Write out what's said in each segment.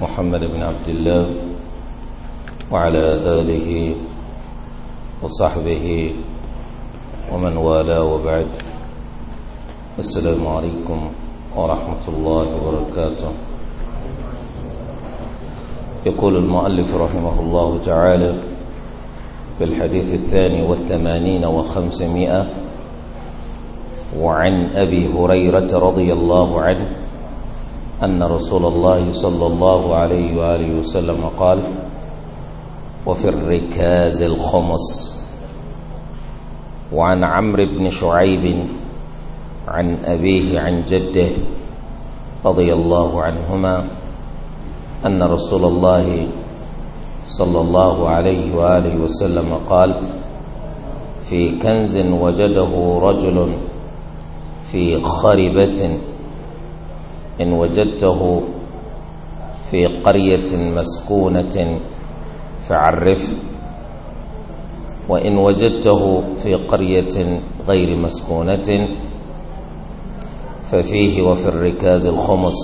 محمد بن عبد الله وعلى آله وصحبه ومن والاه وبعد السلام عليكم ورحمة الله وبركاته يقول المؤلف رحمه الله تعالى في الحديث الثاني والثمانين وخمسمائة وعن أبي هريرة رضي الله عنه أن رسول الله صلى الله عليه وآله وسلم قال وفي الركاز الخمس وعن عمرو بن شعيب عن أبيه عن جده رضي الله عنهما أن رسول الله صلى الله عليه وآله وسلم قال في كنز وجده رجل في خربة إن وجدته في قرية مسكونة فعرف وإن وجدته في قرية غير مسكونة ففيه وفي الركاز الخمس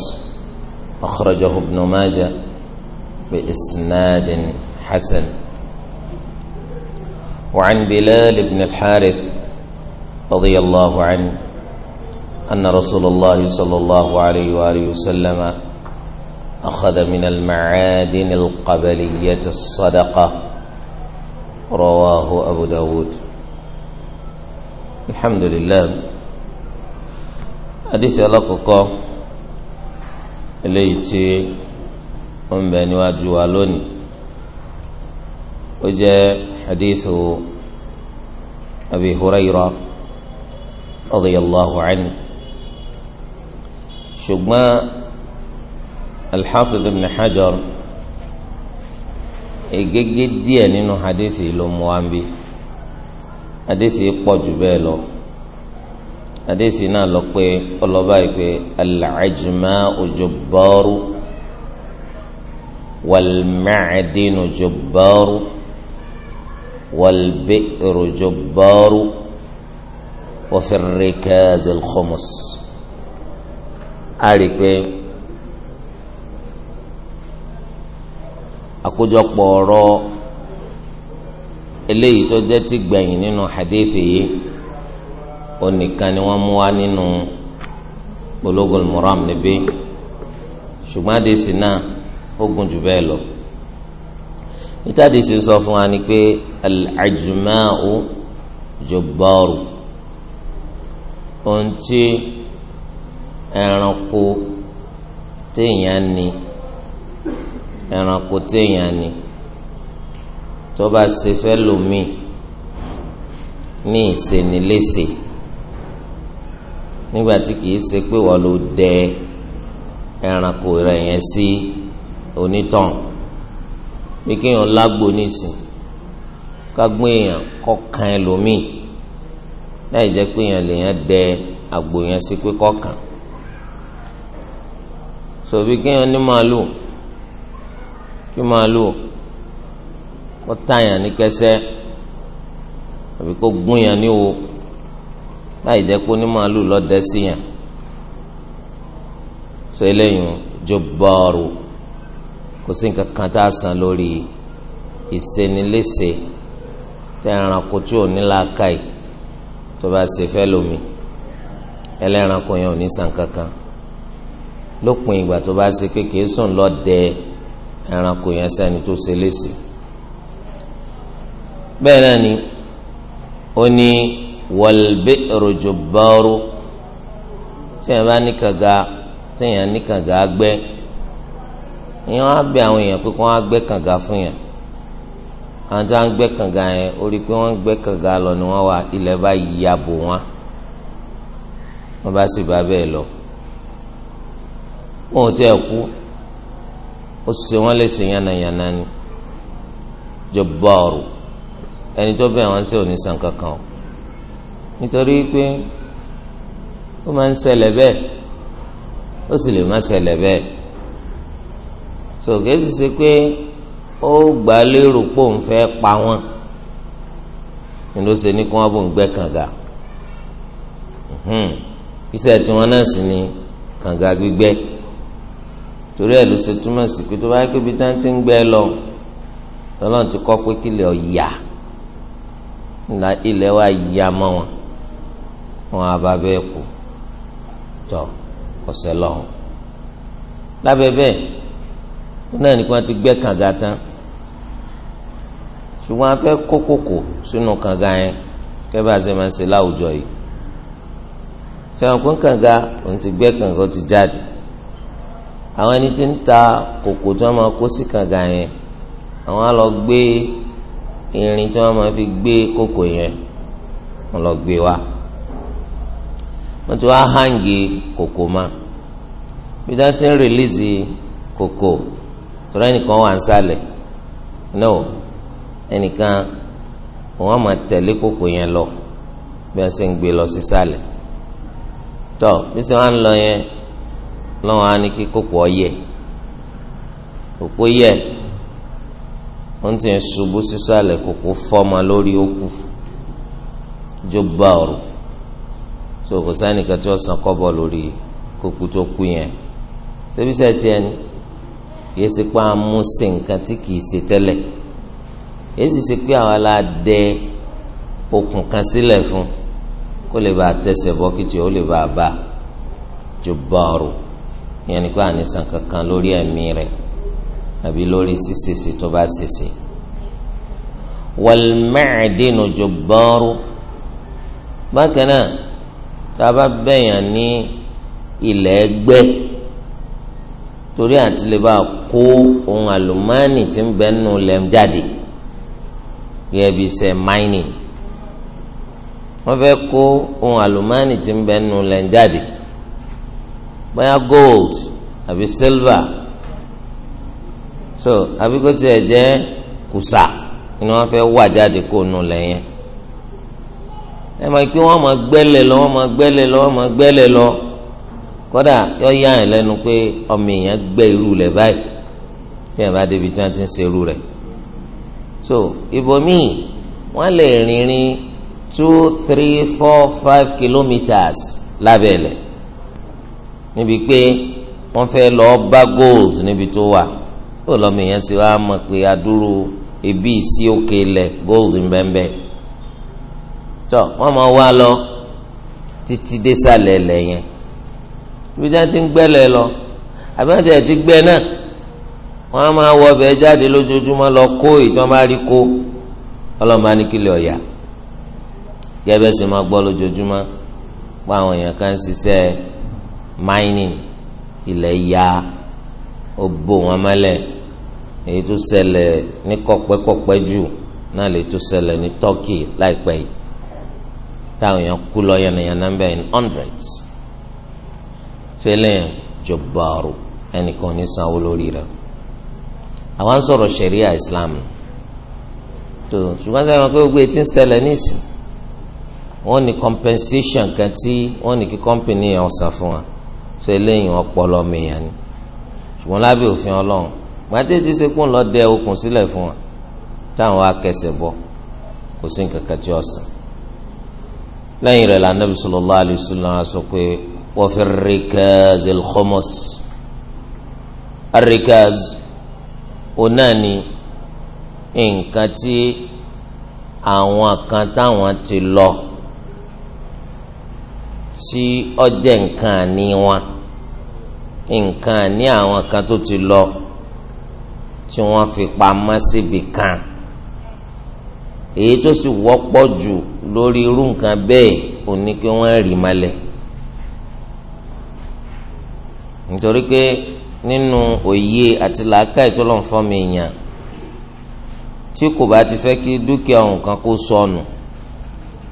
أخرجه ابن ماجه بإسناد حسن وعن بلال بن الحارث رضي الله عنه أن رسول الله صلى الله عليه وآله وسلم أخذ من المعادن القبلية الصدقة رواه أبو داود الحمد لله حديث لقق ليتي أم بني واجوالوني وجاء حديث أبي هريرة رضي الله عنه ṣùgbọ́n alḥafiz ibn hajar egege díẹ̀ nínú hadithi ló mú wá bí hadithi pọ̀ jù bẹ́ẹ̀ lọ hadithi náà lọ pé ọlọ́ba yìí pé al-ajma'u jubbaru wal-ma'dinu jubbaru wal-bi'ru jubbaru wa fi ar-rikaz a rí i pé àkójọpọ̀ ọ̀rọ̀ eléyìí tó jẹ́ ti gbẹ̀yìn nínú hadithi yìí onìkan ni wọ́n mú wá nínú Bulughul Maram níbí ṣùgbọ́n àdìsí náà ó gùn jù bẹ́ẹ̀ lọ níta àdìsí sọ fún wa ni pé al-ajma'u ohun tí. ẹranko téèyàn ni ẹranko téèyàn ni tó bá ṣe fẹ́ lomi ní ìṣeniléṣe nígbà tí kìí se pé wọ́n ló dẹ ẹranko rẹ̀ yẹn sí onítàn bí kéèyàn lágbo nísìn kágbó èèyàn kọkàn ẹlòmíì láì jẹ́ pé èèyàn lèèyàn dẹ àgbò yẹn sí pé kọkàn sòbí kéèyàn ní màálù kí màálù kó tààyàn ní kẹsẹ́ àbí kó gúnyàn ní wo láì jẹ́ pé ní màálù lọ́dẹ síyàn sọ eléyìí jọbọọrù kò sí nǹkan kan tá a san lórí ìṣeniléṣe tẹ ẹranko tí ò ní làákàyè tó bá ṣe fẹ́ lómi ẹlẹ́ranko yẹn ò ní san kankan lópin ìgbà tó bá ṣe pé kìí sùn lọ dẹ ẹranko yẹn sẹ́ni tó ṣe léṣe bẹ́ẹ̀ náà ni ó ní wọlbẹ rojo bọrọ tíyẹn bá ní kànga tíyẹn ní kànga gbẹ́ ìyẹn wọ́n á bẹ àwọn èèyàn pé kí wọ́n á gbẹ́ fún yẹn àwọn tí wọ́n á gbẹ́ yẹn ó rí i pé wọ́n ń gbẹ́ lọ ni wọ́n wà ilẹ̀ bá yàbò wọn wọ́n bá sì bá bẹ́ẹ̀ lọ wọn ò tiẹ̀ kú ó ṣe wọn lè ṣe yánnayànna ni jọbọọrù ẹni tó bẹ àwọn ṣe oníṣàn kankan o nítorí pé ó máa ń ṣẹlẹ̀ bẹ́ẹ̀ ó sì lè má ṣẹlẹ̀ bẹ́ẹ̀ sòkè sì ṣe pé ó gbà lérò pò ń fẹ́ pa wọn ni ló ṣe ní kí wọ́n bò ń gbẹ́ kànga iṣẹ́ tiwọn náà sì ni kànga gbígbẹ́ torí ẹ̀ ló ṣe túmọ̀ sí pé tó bá yẹ kó ibi tá ti ń gbẹ lọ lọ́lọ́run ti kọ́ pé kílẹ̀ ọ̀yà ńlá ilẹ̀ wa yà mọ́ wọn wọn àbá bẹ́ẹ̀ kú tọ ọ̀sẹ̀ lọ́hùn lábẹ́ bẹ́ẹ̀ náà nìkan ti gbẹ́ kànga tán ṣùgbọ́n a fẹ́ kó kòkò sínú kànga yẹn kẹ́bà ṣe máa ṣe láwùjọ yìí ṣẹ́wọ̀n kó kànga òun ti gbẹ́ kànga ó ti jáde àwọn ẹni tí ń ta kòkò tí wọ́n máa kó sí kànga yẹn àwọn á lọ gbé irin tí wọ́n máa fi gbé kòkò yẹn wọ́n lọ gbé wa wọ́n ti wá hangi kòkò ma bí wọ́n ti ń rìlíìsì kòkò tọ́lá ẹnìkan wà ń sálẹ̀ no ẹnìkan wọ́n máa tẹ̀lé kòkò yẹn lọ bí wọ́n ṣe ń gbé lọ sí sálẹ̀ tọ́ bí wọ́n ṣe ń lọ yẹn lọ́wọ́n á ní kí kókó ọyẹ òpó yẹ ó ti ń ṣubú sísàlẹ̀ kókó fọ́mọ lórí òkú jó bá ọ̀rọ̀ tó kò sánìkan tí wọ́n san kọ́bọ̀ lórí kókó tó kú yẹn sẹ́bíṣẹ́ tiẹ̀ ni kìí ṣe pé amú sí nǹkan tí kìí ṣe tẹ́lẹ̀ kìí sì ṣe pé àwọn aládẹ okùn kan sílẹ̀ fún kó lè bá tẹsẹ̀ bọ́kìtì ó lè bá a bá jó bá ọ̀rọ̀ ìyẹn ni pé ànísàn kankan lórí ẹ̀mí rẹ̀ àbí lórí sísèsè tó bá sèsè. wàlmẹ́ẹ̀dínú jubbaru bákan náà tá a bá bẹ̀yàn ní ilẹ̀ ẹgbẹ́ torí àti lè bá kó ohun àlùmọ́ọ́nì tí ń bẹ nù lẹ́m jáde gẹ́gẹ́ bí sẹ́ mining wọ́n fẹ́ kó ohun àlùmọ́ọ́nì tí ń bẹ nù lẹ́m jáde bóyá gold àbí silver so àbí kó tiẹ̀ jẹ́ kùsà ni wọ́n fẹ́ wà jáde kó nu lẹ́yìn ẹ máa pé wọ́n máa gbẹ́lẹ̀ lọ wọ́n máa gbẹ́lẹ̀ lọ wọ́n máa gbẹ́lẹ̀ lọ kódà yọ yá yẹn lẹ́nu pé ọmọ èèyàn gbẹ́ irú rẹ̀ báyìí bí ẹ bá débi tí wọ́n ti ń ṣe irú rẹ̀ so ibòmíì wọ́n lè rìnrìn two three four five kilometres lábẹ́ ilẹ̀ níbi pé wọ́n fẹ́ lọ bá gold níbi tó wà ó lọ́mọ èèyàn sì wá mọ̀ pé adúrú ibi ìsí òkè ilẹ̀ gold ńbẹ́ńbẹ́ tọ́ wọ́n mọ̀ wá lọ títí désàlẹ̀ ilẹ̀ yẹn ibi tí wọ́n ti ń gbẹ́lẹ̀ lọ àbí wọ́n ti ẹ̀ ti gbẹ́ náà wọ́n á máa wọ ọbẹ̀ jáde lójoojúmọ́ lọ kó ìtàn bá rí kó ọlọ́mọ anìkílẹ̀ ọ̀yà gẹ́gẹ́ bẹ́ẹ̀ sì máa gbọ́ lójoojúmọ́ pa àwọn èèyàn kan ṣiṣẹ́ ẹ̀ mining ilẹ̀ ya ó bò wọn mọ́lẹ̀ èyí tó ṣẹlẹ̀ ní kọ̀pẹ́kọ̀pẹ́ jù náà lè tó ṣẹlẹ̀ ní Turkey láìpẹ́ yìí táwọn èèyàn kú lọ yànnàyànnà bẹ́ẹ̀ in hundreds fẹlẹ́ jọ̀bọ̀rù ẹnìkan ní sanwó lórí rẹ̀ àwọn ń sọ̀rọ̀ ṣẹ̀ríà Islam tó ṣùgbọ́n sẹ́yìn wọn pé gbogbo etí ń ṣẹlẹ̀ nísìn wọ́n ní compensation kan tí wọ́n ní kí company yẹn ọ̀sán fún wa so eléyìí ọpọlọ mìíràn ni ṣùgbọ́n lábẹ́ òfin ọlọ́run gbàtẹ́ ti ṣe kún lọ dẹ okùn sílẹ̀ fún wa táwọn wa kẹsẹ̀ bọ kò sí nǹkan kan tí ó sàn lẹ́yìn rẹ̀ lànà bí sallallahu alaihi sọ pé wa fi rikaz al rikaz onáni nǹkan tí àwọn kan táwọn ti lọ tí ọjẹ́ nǹkan àní wọn nǹkan ní àwọn kan tó ti lọ tí wọ́n fi pamọ́ síbi kan èyí tó sì wọ́pọ̀ jù lórí irú nǹkan bẹ́ẹ̀ ò ní kí wọ́n rì malẹ̀ nítorí pé nínú òye àti làákàyè tó lọ́n fọ́ mi yàn tí kò bá ti fẹ́ kí dúkìá nǹkan kó sọnù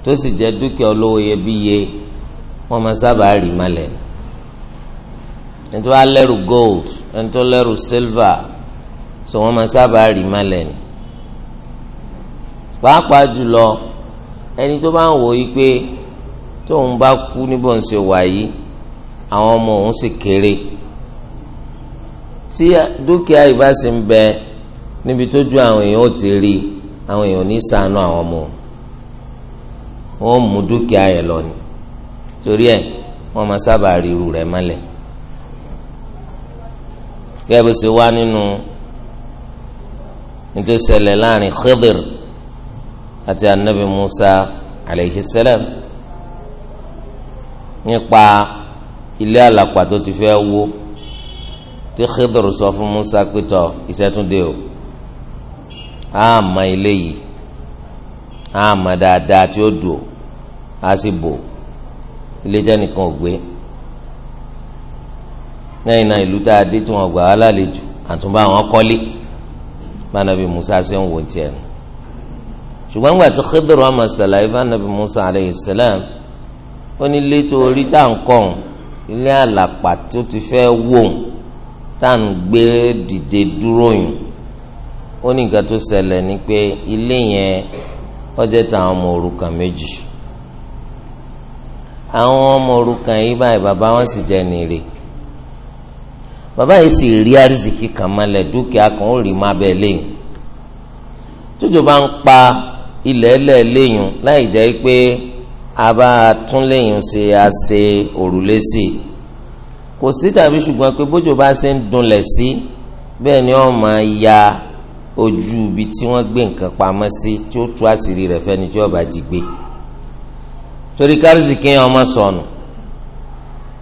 tó sì jẹ́ dúkìá olówó iyebíye wọ́n máa sábà rì malẹ̀ ni ẹni tó bá gold ẹni tó lẹ́rù silver so wọ́n máa sábà rì malẹ̀ ni pàápàá jùlọ ẹni tó bá ń wò yí pé tóun bá kú níbò ń ṣe wà yìí àwọn ọmọ òun sì kéré tí dúkìá ìbá sì ń bẹ níbi tójú àwọn èèyàn ò ti rí àwọn èèyàn ní ṣàánú àwọn ọmọ wọn mú dúkìá yẹn lọ ni torí ẹ wọ́n máa sábà rí irú rẹ̀ mọ́lẹ̀ gẹ́gẹ́ bó ṣe wá nínú nítorí ṣẹlẹ̀ láàrin Khidir àti anabi Musa alayhi salam nípa ilé àlàpà tó ti fẹ́ wó tí Khidir sọ fún Musa pétọ́ ìṣẹ́túndé o àmà ilé yìí àmà dáadáa tí ó dùn á sì bò ilé jẹ́ nìkan ò gbé lẹ́yìn náà ìlú tá a dé tí wọ́n gbà á lálejò àtúnbá àwọn kọ́lé bánabi musa ṣe ń wò tiẹ̀ nù ṣùgbọ́n nígbà tí Khidr ọmọ sàlàyé bánabi musa aleyhi salam ó ní ilé tó rí tá à ń kọ́ ilé àlàpà tó ti fẹ́ wò tá à ń gbé dìde dúró yìí ó ní nǹkan tó ṣẹlẹ̀ ni pé ilé yẹn ó jẹ́ táwọn ọmọ òrukàn méjì àwọn ọmọ òrukàn yìí báyìí bàbá wọn sì jẹ́ nìrè bàbá yìí sì rí àrísìkí kan mọ́lẹ̀ dúkìá kan ó rí má bẹ́ẹ̀ lẹ́yìn tójò bá ń pa ilẹ̀ ẹlẹ́ lẹ́yìn láì jẹ́ pé a bá tún lẹ́yìn ṣe a ṣe òrùlé sí i kò sí tàbí ṣùgbọ́n pé bójò bá ṣe ń dunlẹ̀ sí bẹ́ẹ̀ ni wọ́n máa ya ojú ibi tí wọ́n gbé nǹkan pamọ́ sí tí ó tú àṣírí rẹ̀ fẹ́ni tí ó bá jí gbé torí kárìsì ọmọ sọnù. So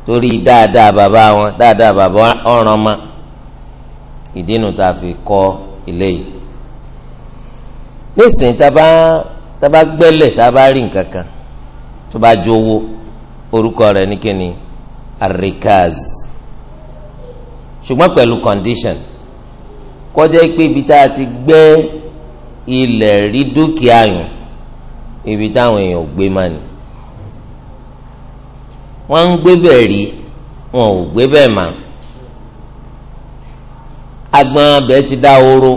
torí dáadáa bàbá wọn dáadáa bàbá ọ̀ràn ma ìdínú tá a fi kọ́ ilé yìí nísìnyí tábà tábà gbẹ́lẹ̀ tábà rí nǹkan kan tó bá jowó orúkọ rẹ̀ ní kíni arikaz ṣùgbọ́n pẹ̀lú condition kọjá pé ibi tá a ti gbẹ́ ilẹ̀ rí dúkìá yùn ibi táwọn èèyàn ò gbé mọ́ ni wọ́n ń gbé bẹ́ẹ̀ rí wọn ò gbé bẹ́ẹ̀ mà agbọn abẹ ti dá oró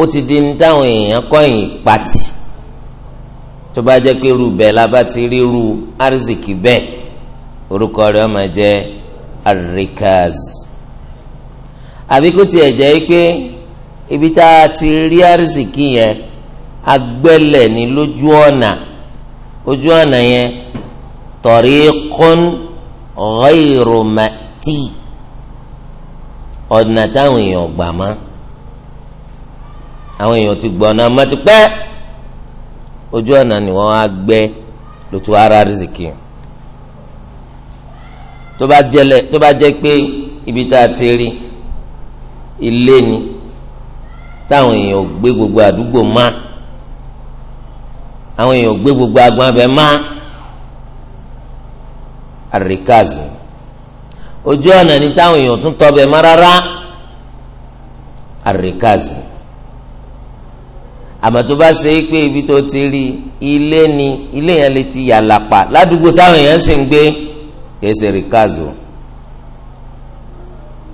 ó ti di ní táwọn èèyàn kọ̀yìn pàtì tó bá jẹ́ pé irú bẹ́ẹ̀ la bá ti rí irú arzikì bẹ́ẹ̀ orúkọ rẹ̀ ọmọ jẹ́ arikaz àbí kó tiẹ̀ jẹ́ pé ibi tá a ti rí arzikì yẹn agbẹ́lẹ̀ ní lójú ọ̀nà ojú ọ̀nà yẹn tariqun ghayru ma'ti ọ̀nà táwọn èèyàn gbà mọ́ àwọn èèyàn ti gbọ́ ọ̀nà mọ́ ti pẹ́ ojú ọ̀nà ni wọ́n á gbẹ́ lótú ara rìsìkì tó bá jẹ́ pé ibi tá a ti rí ilé ni táwọn èèyàn gbé gbogbo àdúgbò má àwọn èèyàn gbé gbogbo agbọn abẹ má àríkàzì ojú ọ̀nà ni táwọn èèyàn tún tọbẹ̀ mọ́ rárá àríkàzì àmọ́ tó bá ṣe é pé ibi tó ti rí ilé ni ilé yẹn lè ti yàlàpà ládùúgbò táwọn èèyàn sì ń gbé kìí ṣe àríkàzì o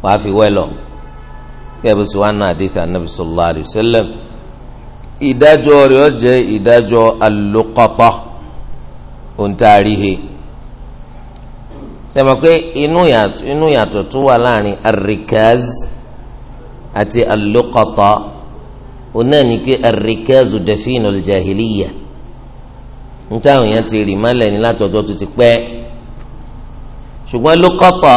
wàá fi wẹ́lọ̀ kí ẹ bó náà àdìsí Ànábì sallallahu alayhi wa ìdájọ́ rẹ̀ ó jẹ́ ìdájọ́ alùkọ́tọ̀ òǹtaarihe. Al sẹ́mi pé inú yàtọ̀ tó wà láàrin arikaz àti o onáà ní pé arikazu dafinu aljahiliya nítawọn yẹn ti rì mọ́lẹ̀ ní látọ̀dọ̀ tó ti pẹ́ ṣùgbọ́n alukọtọ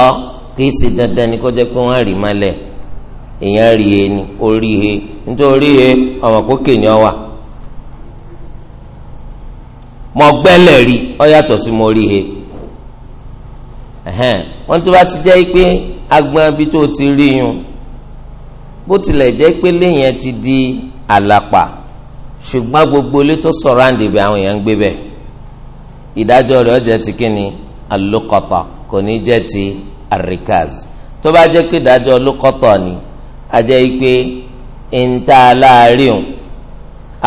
kìí ṣe dandan ní kọjá pé wọ́n rì mọ́lẹ̀ èèyàn rí e, e. ní orí e nítorí e ọmọ kókè ni ọ wà mọ gbẹ́lẹ̀ rí ọ mo rí e. wọ́n tún bá ti jẹ́ pé agbọn bí tó ti rí yun bó tilẹ̀ jẹ́ pé léyìn ti di àlàpà ṣùgbọ́n gbogbo ilé tó sọ̀rọ̀ àǹdè bẹ́ẹ̀ àwọn èèyàn ń gbé bẹ́ẹ̀ ìdájọ́ rẹ̀ ọ̀jẹ̀ ti kíni alókọ̀tọ̀ kò ní jẹ́ ti àríkàz tó bá jẹ́ pé ìdájọ́ olókọ̀tọ̀ ni a jẹ́ pé ìńtà aláàárín o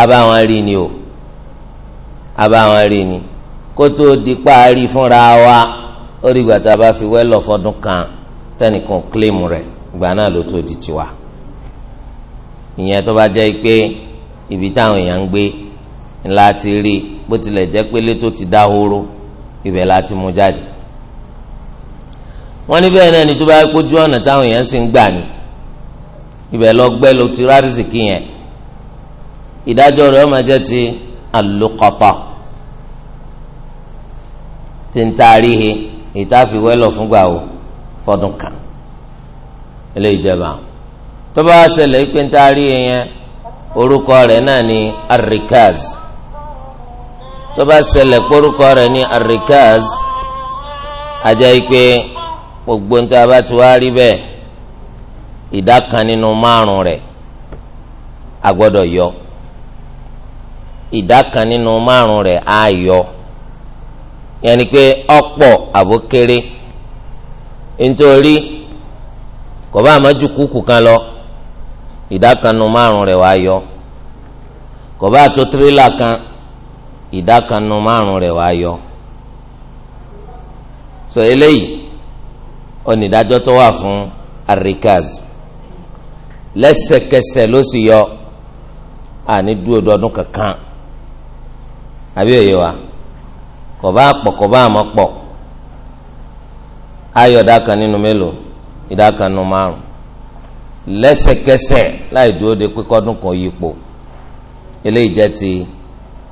abáwọn rí ni o abáwọn rí ni kó tó di parí fúnra wa ó rí ìgbà tá a bá fi wẹ́lọ̀ fọdún kan tẹnìkan kílèmù rẹ̀ ìgbà náà ló tó di tiwa ìyẹn tó bá jẹ́ pé ibi táwọn èèyàn ń gbé ńlá ti rí bó tilẹ̀ jẹ́ pé létò ti dá horo ibẹ̀ la mú jáde wọ́n ní bẹ́ẹ̀ náà ni tó bá kójú ọ̀nà táwọn èèyàn sì ń gbà ní ibẹ̀ lọ ló ti rárísìkì yẹn ìdájọ́ rẹ̀ ó máa jẹ́ ti alùkọ́tọ̀ tí ń taari he ìtàfi wẹ́lọ̀ fúngbà o fọdún kan ilé ìjẹba tó bá ṣẹlẹ̀ pé ń taari yẹn orúkọ rẹ̀ náà ni arikaz tó bá ṣẹlẹ̀ pé orúkọ rẹ̀ ni arikaz ajá yìí pé gbogbo ń ta bá ti wá rí bẹ́ẹ̀ ìdá kan nínú márùn rẹ̀ a gbọ́dọ̀ yọ ìdá kan nínú márùn rẹ̀ á yọ yẹn ni pé ọ̀pọ̀ àbókéré nítorí kò bá àmọ́jú kúkú kan lọ ìdákanu márùn rẹ̀ wá yọ kò bá tó tirẹ́là kan ìdákanu márùn rẹ̀ wá yọ so eléyìí onídàájọ́ tó wà fún arikaz lẹ́sẹ̀kẹsẹ̀ ló sì yọ àní dúró dọdún kankan àbí òye wa kọba pọ̀ kọba àmọ́ pọ̀ ayọ ìdá kan nínú mélòó ìdá kan nínú márùn lẹ́sẹ̀kẹsẹ̀ láì dúró de pé kọdún kan yípo eléyìí jẹ́ ti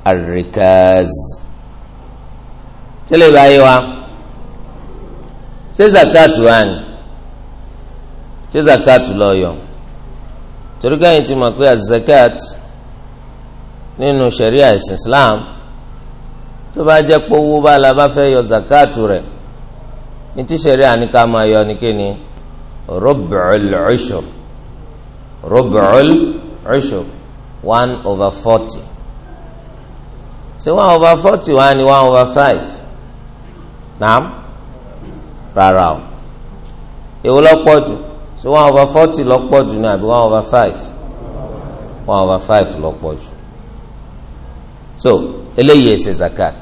arikaz tẹ́lẹ̀ báyìí wa ṣé zakat ni ní lọ yọ torí káyìn ti mọ̀ pé zakat nínú sharia ẹ̀sìn islam tó bá jẹ́ pé owó bá la bá fẹ́ yọ zakatu rẹ̀ ní tíṣẹ̀rí àníká máa yọ ní kíni rubu'ul ushur rubu'ul ushur one over forty ṣé one over forty wá ní one over five naam rárá o èwo lọ́pọ̀ jù ṣé one over forty lọ́pọ̀ jù ní àbí one over five one over five lọ́pọ̀ jù so eléyìí èsè zakat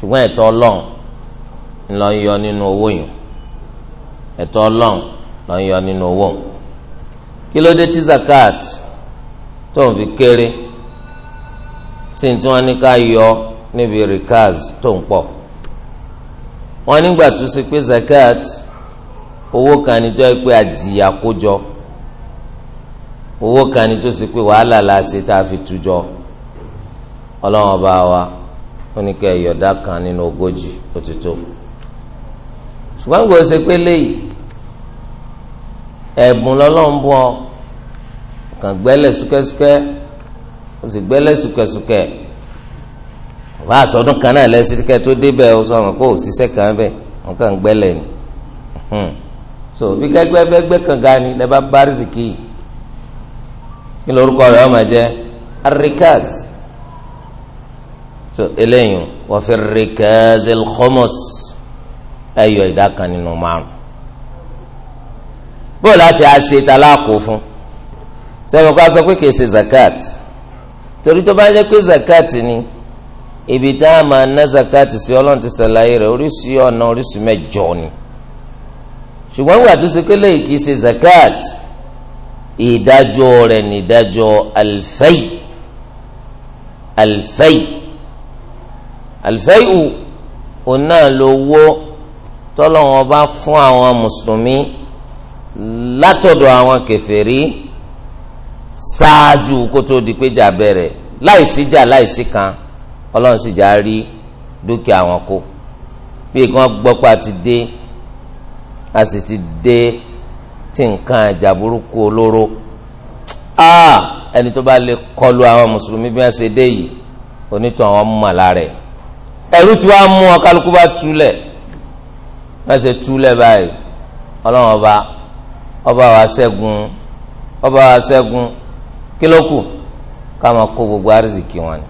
ṣùgbọ́n ẹ̀tọ́ ọlọ́run ńlọ ń yọ nínú owó yìí ẹ̀tọ́ ọlọ́run ńlọ ń yọ nínú owó kí ló dé tí zakat tó ń fi kéré tí n tí wọ́n ní ká yọ níbi rikaz tó ń pọ̀ wọ́n nígbà tó ṣe pé zakat owó kan ní tó yẹ pé àjìyà kó jọ owó kan ní tó ṣe pé wàhálà la ṣe tá a fi tu jọ ọlọ́run ọba wa ó ní kẹ́ ìyọ̀dá kan nínú ogójì òtítọ́ ṣùgbọ́n gbọ́dọ̀ ṣe pé léyìí ẹ̀bùn lọ́lọ́run bọ́ kàn gbẹ́lẹ̀ súkẹ́súkẹ́ ó sì gbẹ́lẹ̀ súkẹ́súkẹ́ bá àsọdún kan náà lẹ́sìkẹ́ tó débẹ̀ ó sọ̀rọ̀ kó òṣìṣẹ́ kan bẹ̀ wọ́n kàn gbẹ́lẹ̀ ni hmm. so bí kẹ́gbẹ́ gbẹ́gbẹ́ kan ga ni lẹ́ bá bá rìsìkì yìí kí lórúkọ rẹ̀ ọmọ jẹ́ arikaz so eléyìí wọ́n fi rikazil khomus ẹ yọ ìdá kan nínú márùn bóòlù àti àṣetà láàkó fún sẹ́wọ̀n kó a sọ pé kìí ṣe zakat torí tó bá jẹ́ pé zakat ni ibi tá a máa ná zakat sí ọlọ́run ti ṣàlàyé rẹ̀ oríṣi ọ̀nà oríṣi mẹ́jọ ni ṣùgbọ́n wà tó ṣe pé lẹ́yìn kìí ṣe zakat ìdájọ́ rẹ̀ ní ìdájọ́ alfẹ́yì alfẹ́yì àlùfẹ́yù òun náà lówó tọ́lọ́wọ́n bá fún àwọn mùsùlùmí látọ̀dọ̀ àwọn kèfèrí ṣáájú kó di pé jà bẹ̀rẹ̀ láìsí jà láìsí kan ọlọ́run sì já rí dúkìá wọn kó bí kan gbọ́ a ti dé a sì ti dé tí nǹkan ẹ̀jà burúkú olóró ẹni tó bá lè kọlu àwọn mùsùlùmí bí wọ́n ṣe dé yìí onítọ̀ àwọn mọ̀ lára ẹ̀ ẹ̀rú tí wàá mú ọ kálukú bá túlẹ̀ mẹsẹ̀ túlẹ̀ báyìí ọlọ́run ọba ọba wa ṣẹ́gun ọba wa ṣẹ́gun kí ló kù kó gbogbo àrísìkí wọn ni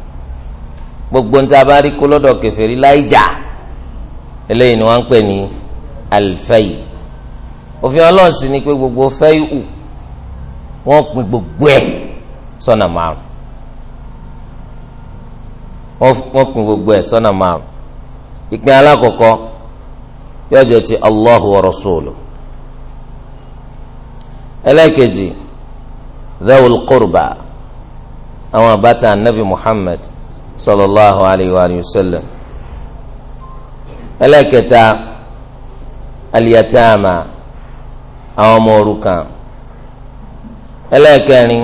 gbogbo níta bá rí kó lọ́dọ̀ kèfèrí láì jà eléyìí ni wọ́n ń pè ní alfẹ́yì òfin ọlọ́run sì ni pé gbogbo fẹ́yì hù wọ́n pín gbogbo ẹ̀ sọ́nà márùn wọ́n pín gbogbo ẹ̀ sọ́nà márùn ìpín alákọ̀ọ́kọ́ yóò jẹ́ ti Allahu wa rasulu ẹlẹ́ẹ̀kejì dhawul qurba àwọn àbátan anabi Muhammad sallallahu alayhi wa sallam ẹlẹ́ẹ̀kẹta aliyatama àwọn ọmọ òrukàn ẹlẹ́ẹ̀kẹrin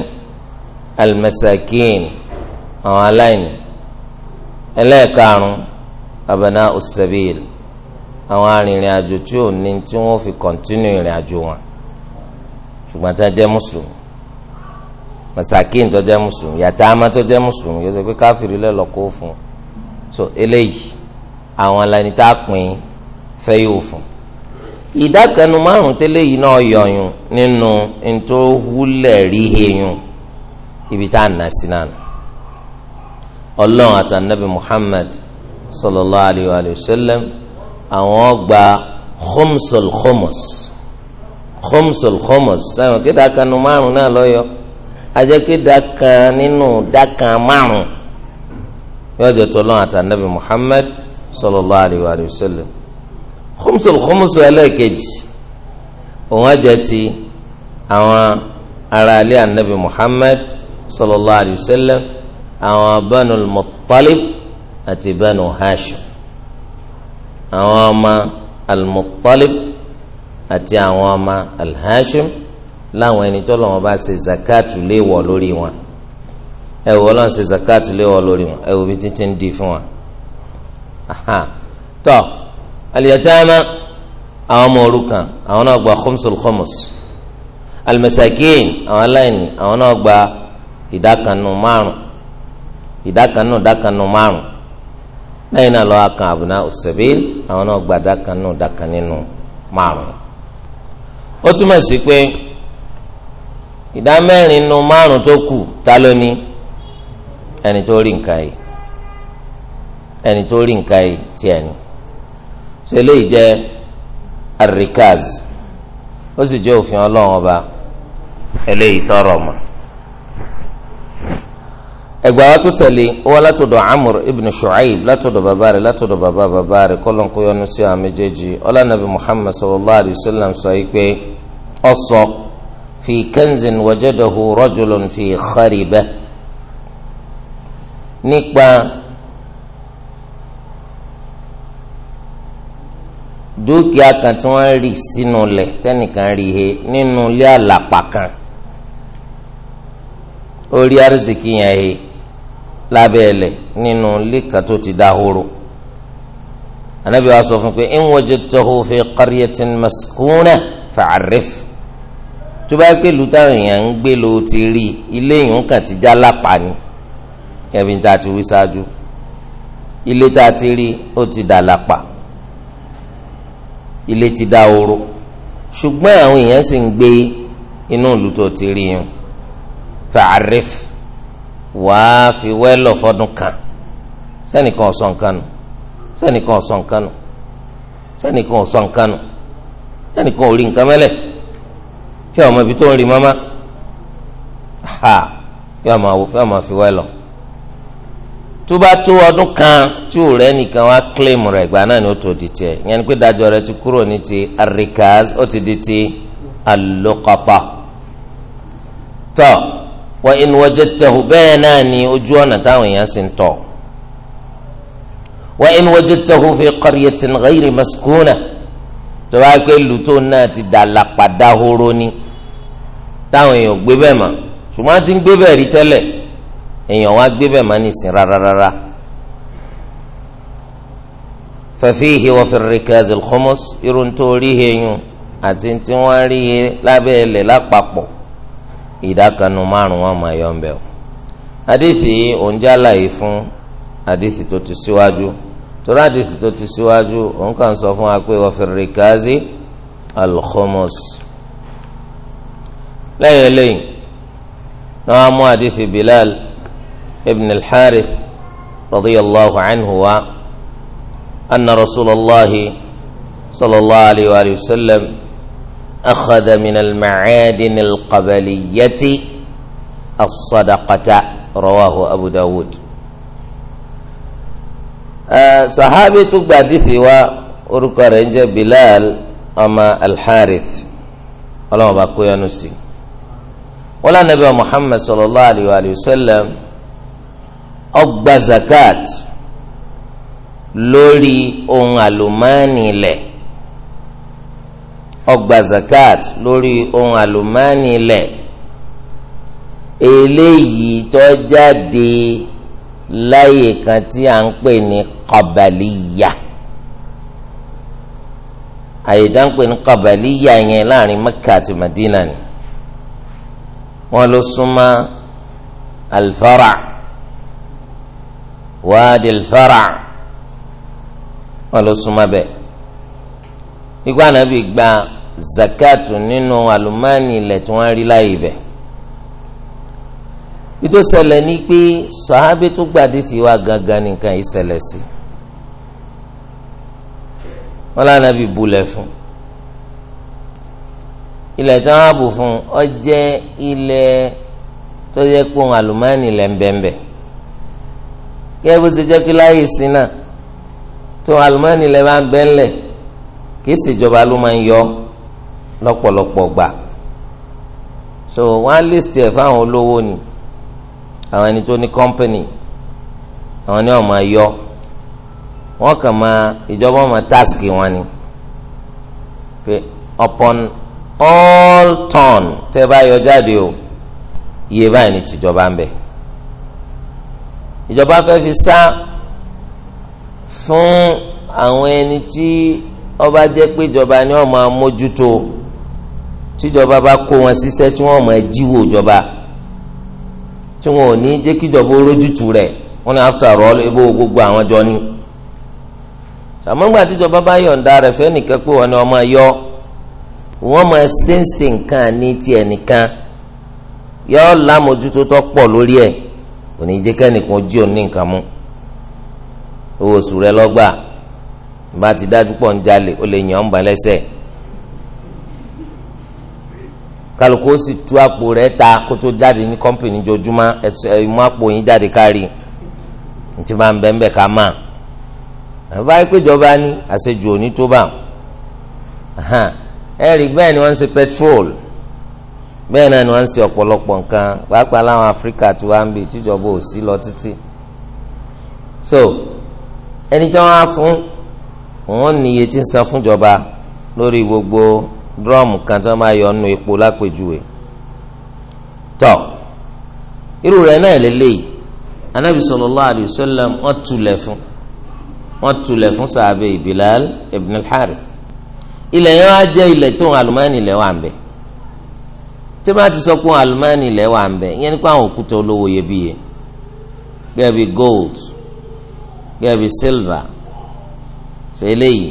almasakin àwọn aláìní ẹlẹ́ẹ̀karùn abana usabil àwọn arìnrìn àjò tí ò ní tí wọ́n fi kọ́ntínú ìrìn àjò wọn ṣùgbọ́n tá a jẹ́ mùsùlùmí masakin tó jẹ́ mùsùlùmí yàtá ama tó jẹ́ mùsùlùmí yóò sọ pé káfíìrì lẹ́lọ́ kó fún so eléyìí àwọn alani tá a pín fẹ́ yóò fún un ìdá kanu márùn tẹ́lẹ̀ yìí náà yọyún nínú ntòhúlẹ̀ rí heyún ibi tá a nà sí náà ọlọ́run àti anabi muhammad sallallahu alayhi wa sallam àwọn gba khumsul khumus khumsul khumus sáyẹn kí daka nu márùn náà lọ́yọ̀ ajẹ́ kí daka nínú daka márùn yóò jẹ́ tọ́lọ́run àti anabi muhammad sallallahu alayhi wa sallam khumsul khumus ẹlẹ́ẹ̀kejì òun ajẹ́ ti àwọn aráalé anabi muhammad sallallahu alayhi wa àwọn banu al-Muttalib àti banu Hashim àwọn ọmọ al-Muttalib àti àwọn ọmọ al-Hashim láwọn ẹni tó lọ́wọ́ bá ṣe zakatu léwọ̀ lórí wọn ẹ wò lọ́n ṣe zakatu léwọ̀ lórí wọn ẹ wò bí títí ń di fún wọn. tọ́ al àwọn ọmọ òrukàn àwọn náà gba khumsul khumus al àwọn aláìní àwọn náà gba ìdákanu márùn-ún. ìdákanu ìdákanu márùn lẹ́yìn náà lọ́wọ́ kan àbùnà òṣèbíl àwọn náà gba ìdákanu ìdákanínú márùn ó túmọ̀ sí pé ìdá mẹ́rin nu márùn tó kù ta ló ní ẹni tó rí nǹkan yìí ẹni tó rí nǹkan yìí tiẹ̀ ni ṣe eléyìí jẹ́ àríkàz ó sì jẹ́ òfin ọlọ́run ọba eléyìí tọrọ mọ́. ẹgbàá wa tó tẹ̀lé wá látọ̀dọ̀ amur ibn shu'aib látọ̀dọ̀ bàbá rẹ̀ látọ̀dọ̀ bàbá bàbá rẹ̀ kọ́lọ́n kó yọ́nú sí àwọn méjèèjì ọlànàbí muhammad sallallahu alayhi wa sallam sọ yìí pé ọ̀sọ̀ fi kanzin wajadahu rajulun fi kharibah nípa dúkìá kan tí wọ́n rí sínú lẹ̀ tẹ́nìkan rí he nínú ilé àlàpà kan orí arzikì yẹn he lábẹ́ ẹlẹ̀ nínú líka tó ti dá horo anabi wa sọ fún pé in wajadtahu fi qaryatin maskuna fa'arif tó bá pé lu táwọn èèyàn ń gbé lo ti rí ilé yìí ń kàn ti já lápá ni ẹbí tá ti wí ṣáájú ilé tá ti rí ó ti dà lápá ilé ti dá ṣùgbọ́n àwọn èèyàn sì ń gbé inú ìlú tó ti rí yẹn fa'arif wàá fi wẹ́lọ̀ fọdún kan sẹ́nìkan ọ̀sán nǹkan nù sẹ́nìkan ọ̀sán nǹkan nù sẹ́nìkan ọ̀sán nǹkan nù sẹ́nìkan ò rí nǹkan mẹ́lẹ̀ kí ọmọ ibi tó ń rí mọ́mọ́ ha yóò máa wò fẹ́ máa fi wẹ́lọ̀ tó bá tó ọdún kan tí ò rẹ́ nìkan wá kílèmù rẹ̀ gbà náà ni ó tó di tiẹ̀ ìyẹn ni pé dájọ́ rẹ̀ ti kúrò ní ti arikaz ó ti di ti alokapa tọ́ wa in wajadtahu bẹ́ẹ̀ náà ni ojú ọ̀nà táwọn èèyàn sì ń tọ̀ wa in wajadtahu fi qaryatin ghayri maskuna tó bá pé lùtò náà ti dà lápàdá horo ni táwọn èèyàn gbé bẹ́ẹ̀ mọ́ ṣùgbọ́n ti ń gbé bẹ́ẹ̀ rí tẹ́lẹ̀ èèyàn wá gbé bẹ́ẹ̀ mọ́ nísìn rárá rárá fafihi wa fi rikazil khumus irun tó rí heyun àti tí wọ́n rí he lábẹ́ ẹlẹ̀ La ìdákanu márùn wọn máa yọ ńbẹ o àdìsí òǹjàláyé fún àdìsí tó ti síwájú torí àdìsí tó ti síwájú òun kàn sọ fún wa pé wọ́n fi rìkází alkhomos lẹ́yìn eléyìí náà wọ́n mú àdìsí bilal ibn al-harith radiyallahu anhu wa anna rasulallah sallallahu alayhi wa sallam. أخذ من المعادن القبلية الصدقة رواه أبو داود أه صحابي تقبادثي orúkọ rẹ̀ ń jẹ́ bilal ọmọ alḥarith ọlọ́wọ́n bá kó yanu sí i wọ́n lánàá bí wa muhammad sallallahu alayhi wa alayhi wa sallam ọgbà zakat lórí ohun àlùmánì ilẹ̀ ọgbà zakat lórí ohun àlùmánì ilẹ̀ eléyìí tó jáde láyè kan tí a ń pè ní kabaliya àyè tá ń pè ní kabaliya yẹn láàrin Mẹ́kà àti Madina ni wọ́n ló súnmọ́ alfara wadi alfara wọ́n ló súnmọ́ bẹ́ẹ̀ ikú ànábì gba zakatu nínú àlùmánì ilẹ̀ tí wọ́n rí láyé bẹ̀. ìtò ṣẹlẹ̀ ni pé sàhábé tó gbàdé sí wa gangan nìkan yìí ṣẹlẹ̀ sí wọn lànàbì bulẹ̀ fún ilẹ̀ tí wọ́n á bù fún ọ jẹ́ ilẹ̀ tó yẹ kó àlùmánì ilẹ̀ ń kí ẹ bó ṣe jẹ́ kí láyé sí náà tó àlùmánì ilẹ̀ bá ń bẹ́ kìí ṣèjọba ló máa ń yọ lọ́pọ̀lọpọ̀ gbà so wọ́n á list ẹ̀ fáwọn olówó ni àwọn ẹni tó ní company àwọn ni wọ́n máa yọ wọ́n kàn máa ìjọba wọ́n máa task wọn ni pé upon all turn tẹ́ bá yọ jáde o iye báyìí ni tìjọba ń bẹ ìjọba fẹ́ fi sá fún àwọn ẹni tí ọba jẹ́ pé ìjọba ni wọ́n máa mójútó tíjọba bá kó wọn síṣẹ́ tí wọ́n máa jíwò ìjọba tí wọn ò ní jẹ́ kíjọba rójútu rẹ̀ wọ́n ní after all ebo gbogbo àwọn jọ ni sàmúgbà tíjọba bá yọ̀ǹda rẹ̀ fẹ́ nìkan pé wọn ni wọ́n máa yọ wọ́n máa ṣèǹṣì nǹkan ní tiẹ̀ nìkan yọ lámójútó tó pọ̀ lórí ẹ̀ òní jẹ́ kẹ́nìkan jí òní nǹkan mú owó oṣù rẹ̀ bá ti dájú pọ̀ ń jalè ó lè yàn án bàn lẹ́sẹ̀ kálukú ó sì tú àpò rẹ̀ ta kó tó jáde ní kọ́mpìnì jojúmọ́ ẹ̀sọ́ ìmú àpò yín jáde kárí ntí máa ń bẹ́ẹ̀ bẹ́ẹ̀ ká máa àbá yìí péjọba ní àṣejù òní tó bá ẹ rí bẹ́ẹ̀ ni wọ́n ń ṣe petrol bẹ́ẹ̀ náà ni wọ́n ń ṣe ọ̀pọ̀lọpọ̀ nǹkan pàápàá láwọn Áfíríkà tí wọ́n á ń bì tíjọba ò sí lọ títí so ẹni tí wọ́n fún wọ́n ní iye tí ń san fúnjọba lórí gbogbo drọ́ọ̀mù kan tí wọ́n máa yọ nínú epo lápèjúwe tọ́ irú rẹ̀ náà lélẹ́yìí anabi sallallahu alayhi wa sallam wọ́n tulẹ̀ fún wọ́n tulẹ̀ fún sàbẹ̀ Bilal ibn al-Harith ilẹ̀ yẹn wá jẹ́ ilẹ̀ tó ń alùmánì ilẹ̀ wà ń bẹ̀ tí wọ́n ti sọ pé alùmánì ilẹ̀ wà ń bẹ̀ ìyẹn nípa àwọn òkúta olówó iyebíye gẹ́gẹ́ bí gold gẹ́gẹ́ bí silver sọ eléyìí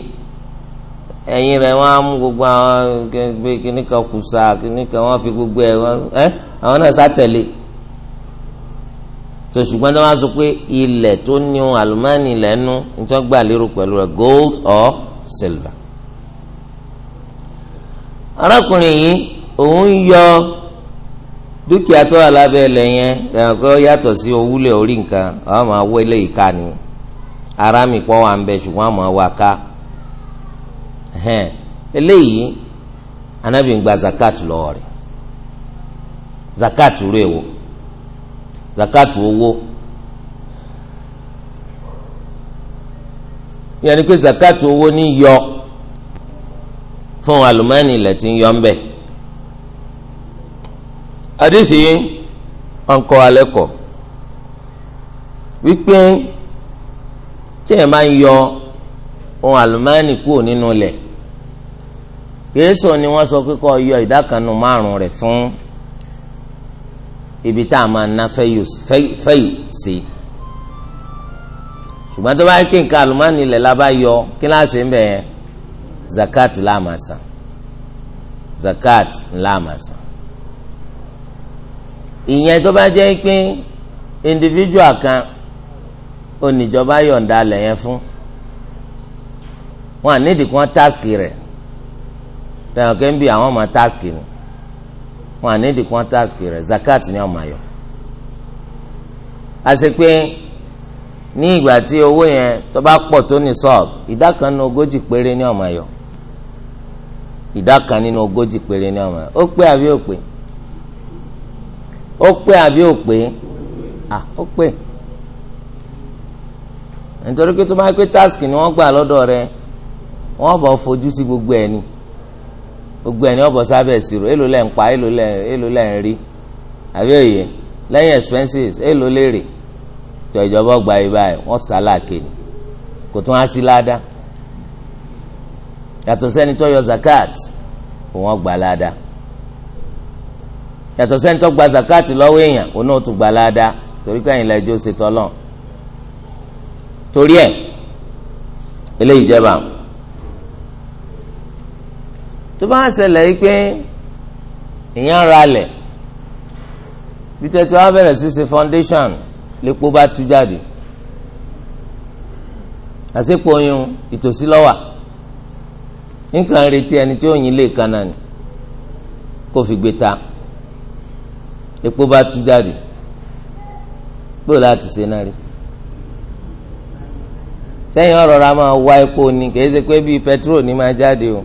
ẹyin rẹ wọn a mú gbogbo àwọn gbé kíní kan kùsà kan wọn fi gbogbo ẹ wọn ẹ àwọn náà sátẹlẹ tó ṣùgbọ́n tó wá sọ pé ilẹ̀ tó ní ohun gold or silver. arákùnrin yìí òun yọ dúkìá tó wà lábẹ́ ilẹ̀ yẹn yàtọ̀ sí owúlẹ̀ orí nǹkan àwọn máa ni. arami pọ̀ wà ń bẹ ṣùgbọ́n àmọ́ wà ká eléyìí anabi ń gba zakat lọ́wọ́ rẹ̀ zakat rẹ̀ wò zakat owó yẹni pé zakat owó ní yọ fún alùmọ́ọ́nì ilẹ̀ tí ń yọ ń bẹ̀ adéṣe ọkọ̀ alẹ́ wípé tí ẹ máa ń yọ ohun àlùmáàní kúrò nínú ilẹ̀ kèésò ni wọ́n sọ pé kọ́ yọ ìdákanu márùn rẹ̀ fún ibi tá a máa ná fẹ́yì sí ṣùgbọ́n tó bá yẹ kí nǹkan àlùmáàní ilẹ̀ la bá yọ kí láàṣẹ ń bẹ̀ yẹn zakat láàmà san zakat láàmà san ìyẹn tó bá jẹ́ pé individual kan. onìjọba yọ̀ǹda alẹ̀ yẹn fún wọn ànídìí kí táàsìkì rẹ̀ tẹ̀wọ̀n kẹ́ bi àwọn ọmọ táàsìkì ni wọn ànídìí kí rẹ̀ zakat ni ọmọ ayọ̀ àti pé ní ìgbà tí owó yẹn tó bá pọ̀ tó ní ìdá kan nínú ogójì péré ní ọmọ ayọ̀ ìdá kan nínú nítorí pé tó bá pé táàsì ni wọ́n gbà lọ́dọ̀ rẹ wọ́n bọ̀ fojú sí gbogbo ẹ̀ ni gbogbo ẹ̀ ni wọ́n bọ̀ sábẹ̀ ìṣirò èlò lẹ́ ń pa èlò lẹ́ èlò lẹ́ ń rí àbí òye lẹ́yìn expenses èlò lérè tó ìjọba gba ibà ẹ̀ wọ́n sálàkè ni kò tún á sí ládàá yàtọ̀ sẹ́ni tó yọ zakat òun gba ládàá yàtọ̀ sẹ́ni tó gba zakat lọ́wọ́ èèyàn òun náà tún gba ládàá torí káyìn lẹ́jọ́ ṣètọ́ lọ́n torí ẹ̀ eléyìí jẹba tó bá ṣẹlẹ̀ yìí pé èèyàn ra lẹ̀ bí wàá bẹ̀rẹ̀ sí ṣe foundation lèpo bá tú jáde àṣepọ̀ oyún ìtòsí lọ́wà nǹkan retí ẹni tí òyìn lè kan náà ni kó fi gbé ta epo bá tú jáde bó láti ṣe náà rí sẹ́yìn ọ̀rọ̀ ra máa wá epo ni kì í ṣe pé bíi ni máa jáde o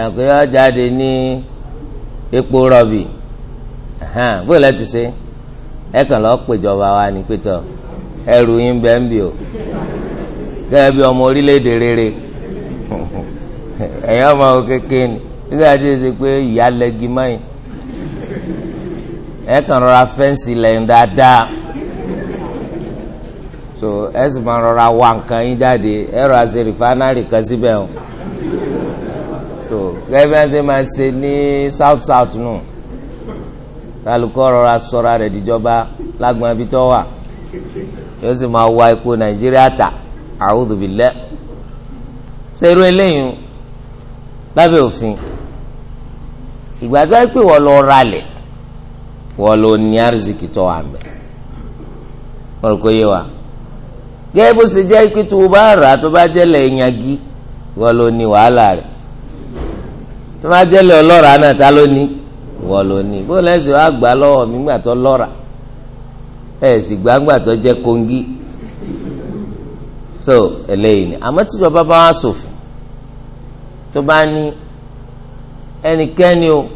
ẹ̀kọ́ jáde ní epo rọ̀bì bó ti ṣe ẹ kàn lọ́ọ́ wa ní ẹrù yín bẹ́ẹ̀ ń bì o gẹ́gẹ́ bí ọmọ orílẹ̀-èdè rere ẹ̀yọ́ ọmọ kékeré ni nígbà tí ẹ ṣe pé ìyá lẹ́gi mọ́yìn ẹ kàn rọra so ẹ sì máa rọra wá nǹkan yín jáde ẹ̀rọ àṣerìfánárì kan síbẹ̀ o so gẹ́gẹ́ bí ma ṣe máa ṣe ní south south nù kálukọ́ rọra sọra rẹ̀ dìjọba lágbọ́n ibi tó wà yóò sì máa wá epo nàìjíríà tà a'udhu billah ṣe irú eléyìí lábẹ́ òfin ìgbàjọ́ pé wọ́n lọ ralẹ̀ wọ́n lọ ní àrísìkì tó wà mẹ́ wọ́n rò kó yé wa. gẹ́gẹ́ bó ṣe jẹ́ pé tó o bá rà tó bá jẹ́lẹ̀ ìyànjú wọ́n ló ní wàhálà rẹ̀ tó bá jẹ́lẹ̀ ọlọ́ra náà ta ló ní wọ́n ló ní bó lẹ́sìn wá gbà lọ́wọ́ mi gbà tó lọ́ra ẹ̀ sì gbàgbà tó jẹ́ kóńgí so eléyìí ni àmọ́ tíjọba bá wá sòfin tó bá ní ẹnikẹ́ni o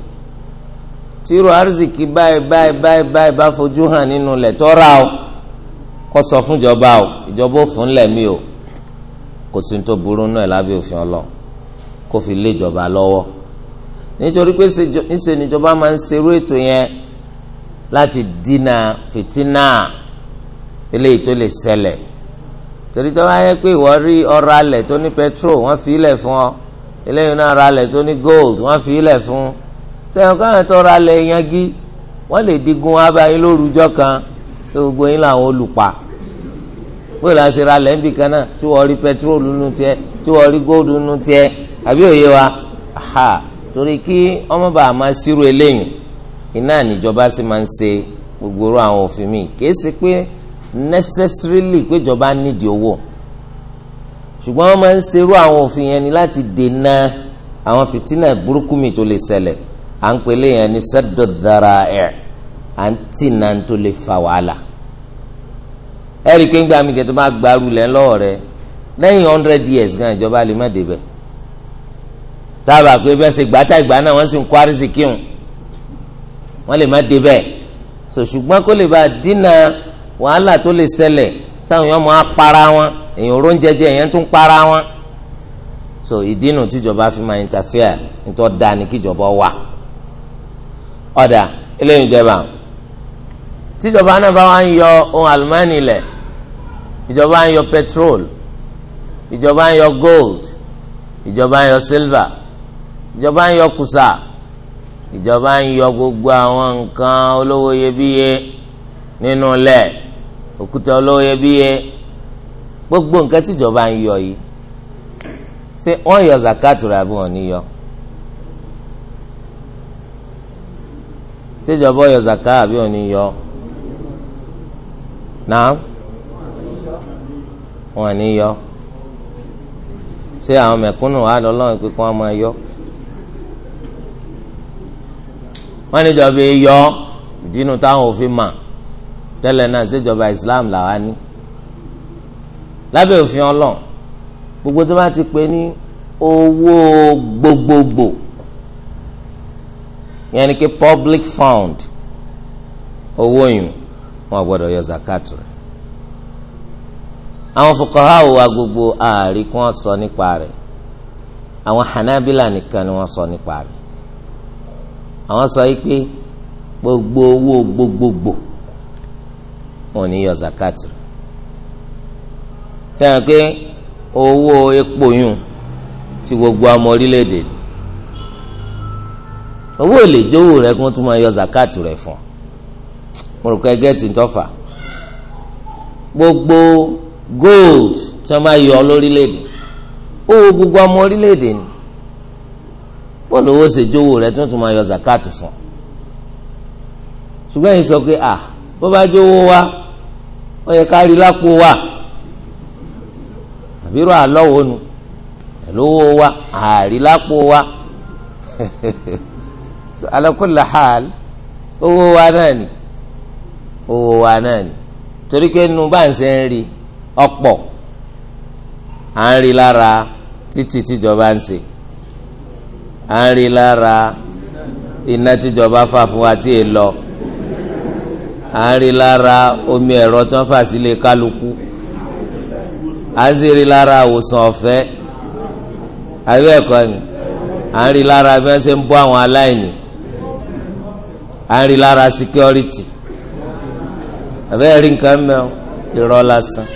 tírò arzikì báyìí báyìí báyìí báyìí bá fojú hàn nínú ilẹ̀ tó ra o kó sọ fún ìjọba o ìjọba ò fún lẹ́mí o kò sí tó burú náà lábẹ́ òfin ọlọ́run kó fi lé ìjọba lọ́wọ́ nítorí pé ńṣe níjọba máa ń ṣerú ètò yẹn láti dínà fìtínà eléyìí tó lè ṣẹlẹ̀ torí tó yẹ pé ìwọ rí ọrọ̀ alẹ̀ tó ní petrol wọ́n fi ilẹ̀ fún ọ eléyìí náà ra alẹ̀ tó ní gold wọ́n fi ilẹ̀ fún sẹ́yìn káwọn tó ra alẹ̀ yangi wọ́n lè digun abayín lórúkọ kan tó gbogbo yín làwọn olùpa bóyá la ṣe ra lẹ́ńbì kan náà tí wọ́n rí pẹtrólù nù tiẹ̀ tí wọ́n rí góòlù nù tiẹ̀ àbí òye wa ha torí kí ọmọ bàá máa ṣírò eléyìí iná níjọba sì máa ń ṣe gbogbo orú àwọn òfin mi kì í ṣe pé necessarily péjọba nídìí owó ṣùgbọ́n wọ́n máa ń ṣerú àwọn òfin yẹn ni láti dènà àwọn fìtínà burúkú mi tó lè ṣẹlẹ̀ à ń pèlè yẹn ní sẹ́dọ̀dára ẹ̀ à ń tì náà tó lè fa wàhálà ẹ rí i pé ńgbà mi kẹ́ tó bá gbaru lẹ́ lọ́wọ́ rẹ lẹ́yìn hundred years gan ìjọba lè má débẹ̀ dábàá pé bẹ́ẹ̀ ṣe gbàtà ìgbà náà wọ́n sì ń kó àrísìkí hùn wọ́n lè má débẹ̀ so ṣùgbọ́n kó lè bá dínà wàhálà tó lè ṣẹlẹ̀ táwọn èèyàn máa para wọn èèyàn oró ń jẹjẹ èèyàn tún para wọn so ìdínà tíjọba fi máa interfere nítorí dáa ni kíjọba wà ọ̀dà eléyìí jẹba tíjọba náà bá wá ń yọ ohun àlùmọ́ọ́nì lẹ̀ ìjọba ń yọ petrol ìjọba ń yọ gold ìjọba ń yọ silver ìjọba ń yọ kùsà ìjọba ń yọ gbogbo àwọn nǹkan olówó iyebíye nínú lẹ̀ òkúta olówó iyebíye gbogbo nǹkan tíjọba ń yọ yìí ṣé wọ́n yọ zakatu rẹ̀ àbí wọ́n ní yọ. ṣèjọba yọ zakat àbí wọ́n ní yọ náà wọn ní yọ ṣé àwọn mẹ̀kúnnù wà lọ́lọ́run pé kí wọ́n máa yọ wọ́n níjọba yọ ìdínú táwọn òfin mà tẹ́lẹ̀ náà ṣèjọba Islam làwa ní lábẹ́ òfin ọlọ́run gbogbo tó bá ti pè ní owó gbogbogbò yẹn ni kí public fund owó yìí wọn gbọ́dọ̀ yọ zakat rẹ̀ àwọn fuqaha wa gbogbo ààrí kí wọ́n sọ nípa rẹ̀ àwọn hanabila nìkan ni wọ́n sọ nípa rẹ̀ àwọn sọ yìí pé gbogbo owó gbogbogbò wọn ní yọ zakat rẹ̀ fẹ́ràn pé owó epo yùn ti gbogbo ọmọ orílẹ̀-èdè owó èlé jówó kí wọ́n tún máa yọ zakat rẹ̀ fún un mo rò pé gẹ́ẹ̀tì ń tọ́fà gbogbo gold tí wọ́n máa yọ lórílẹ̀‐èdè owó gbogbo ọmọ orílẹ̀‐èdè ni bọ́ọ̀lù owó ṣèjówó rẹ̀ tí wọ́n tún máa yọ zakat fún ṣùgbọ́n yìí sọ pé Ah, bó bá jówó wa ó yẹ ká rí lápò wa àbírò àlọ́wọ́ nu lówó wa àrí lápò wa ala kulli hal owó wa náà ni owó wa náà ni torí pé nu bá ń ṣe ń rí ọ̀pọ̀ à ń rí lára títì tíjọba ń ṣe à ń rí lára iná tíjọba fà fún wa tí è lọ à ń rí lára omi ẹ̀rọ tí wọ́n fà sílé kálukú à ń sì rí lára àwòsàn ọ̀fẹ́ àbí ni à ń rí lára bí wọ́n ṣe ń bọ́ àwọn aláìní à ń rí lára security àbẹ́ẹ̀rí nǹkan mẹ́wọ́ irọ́ lásán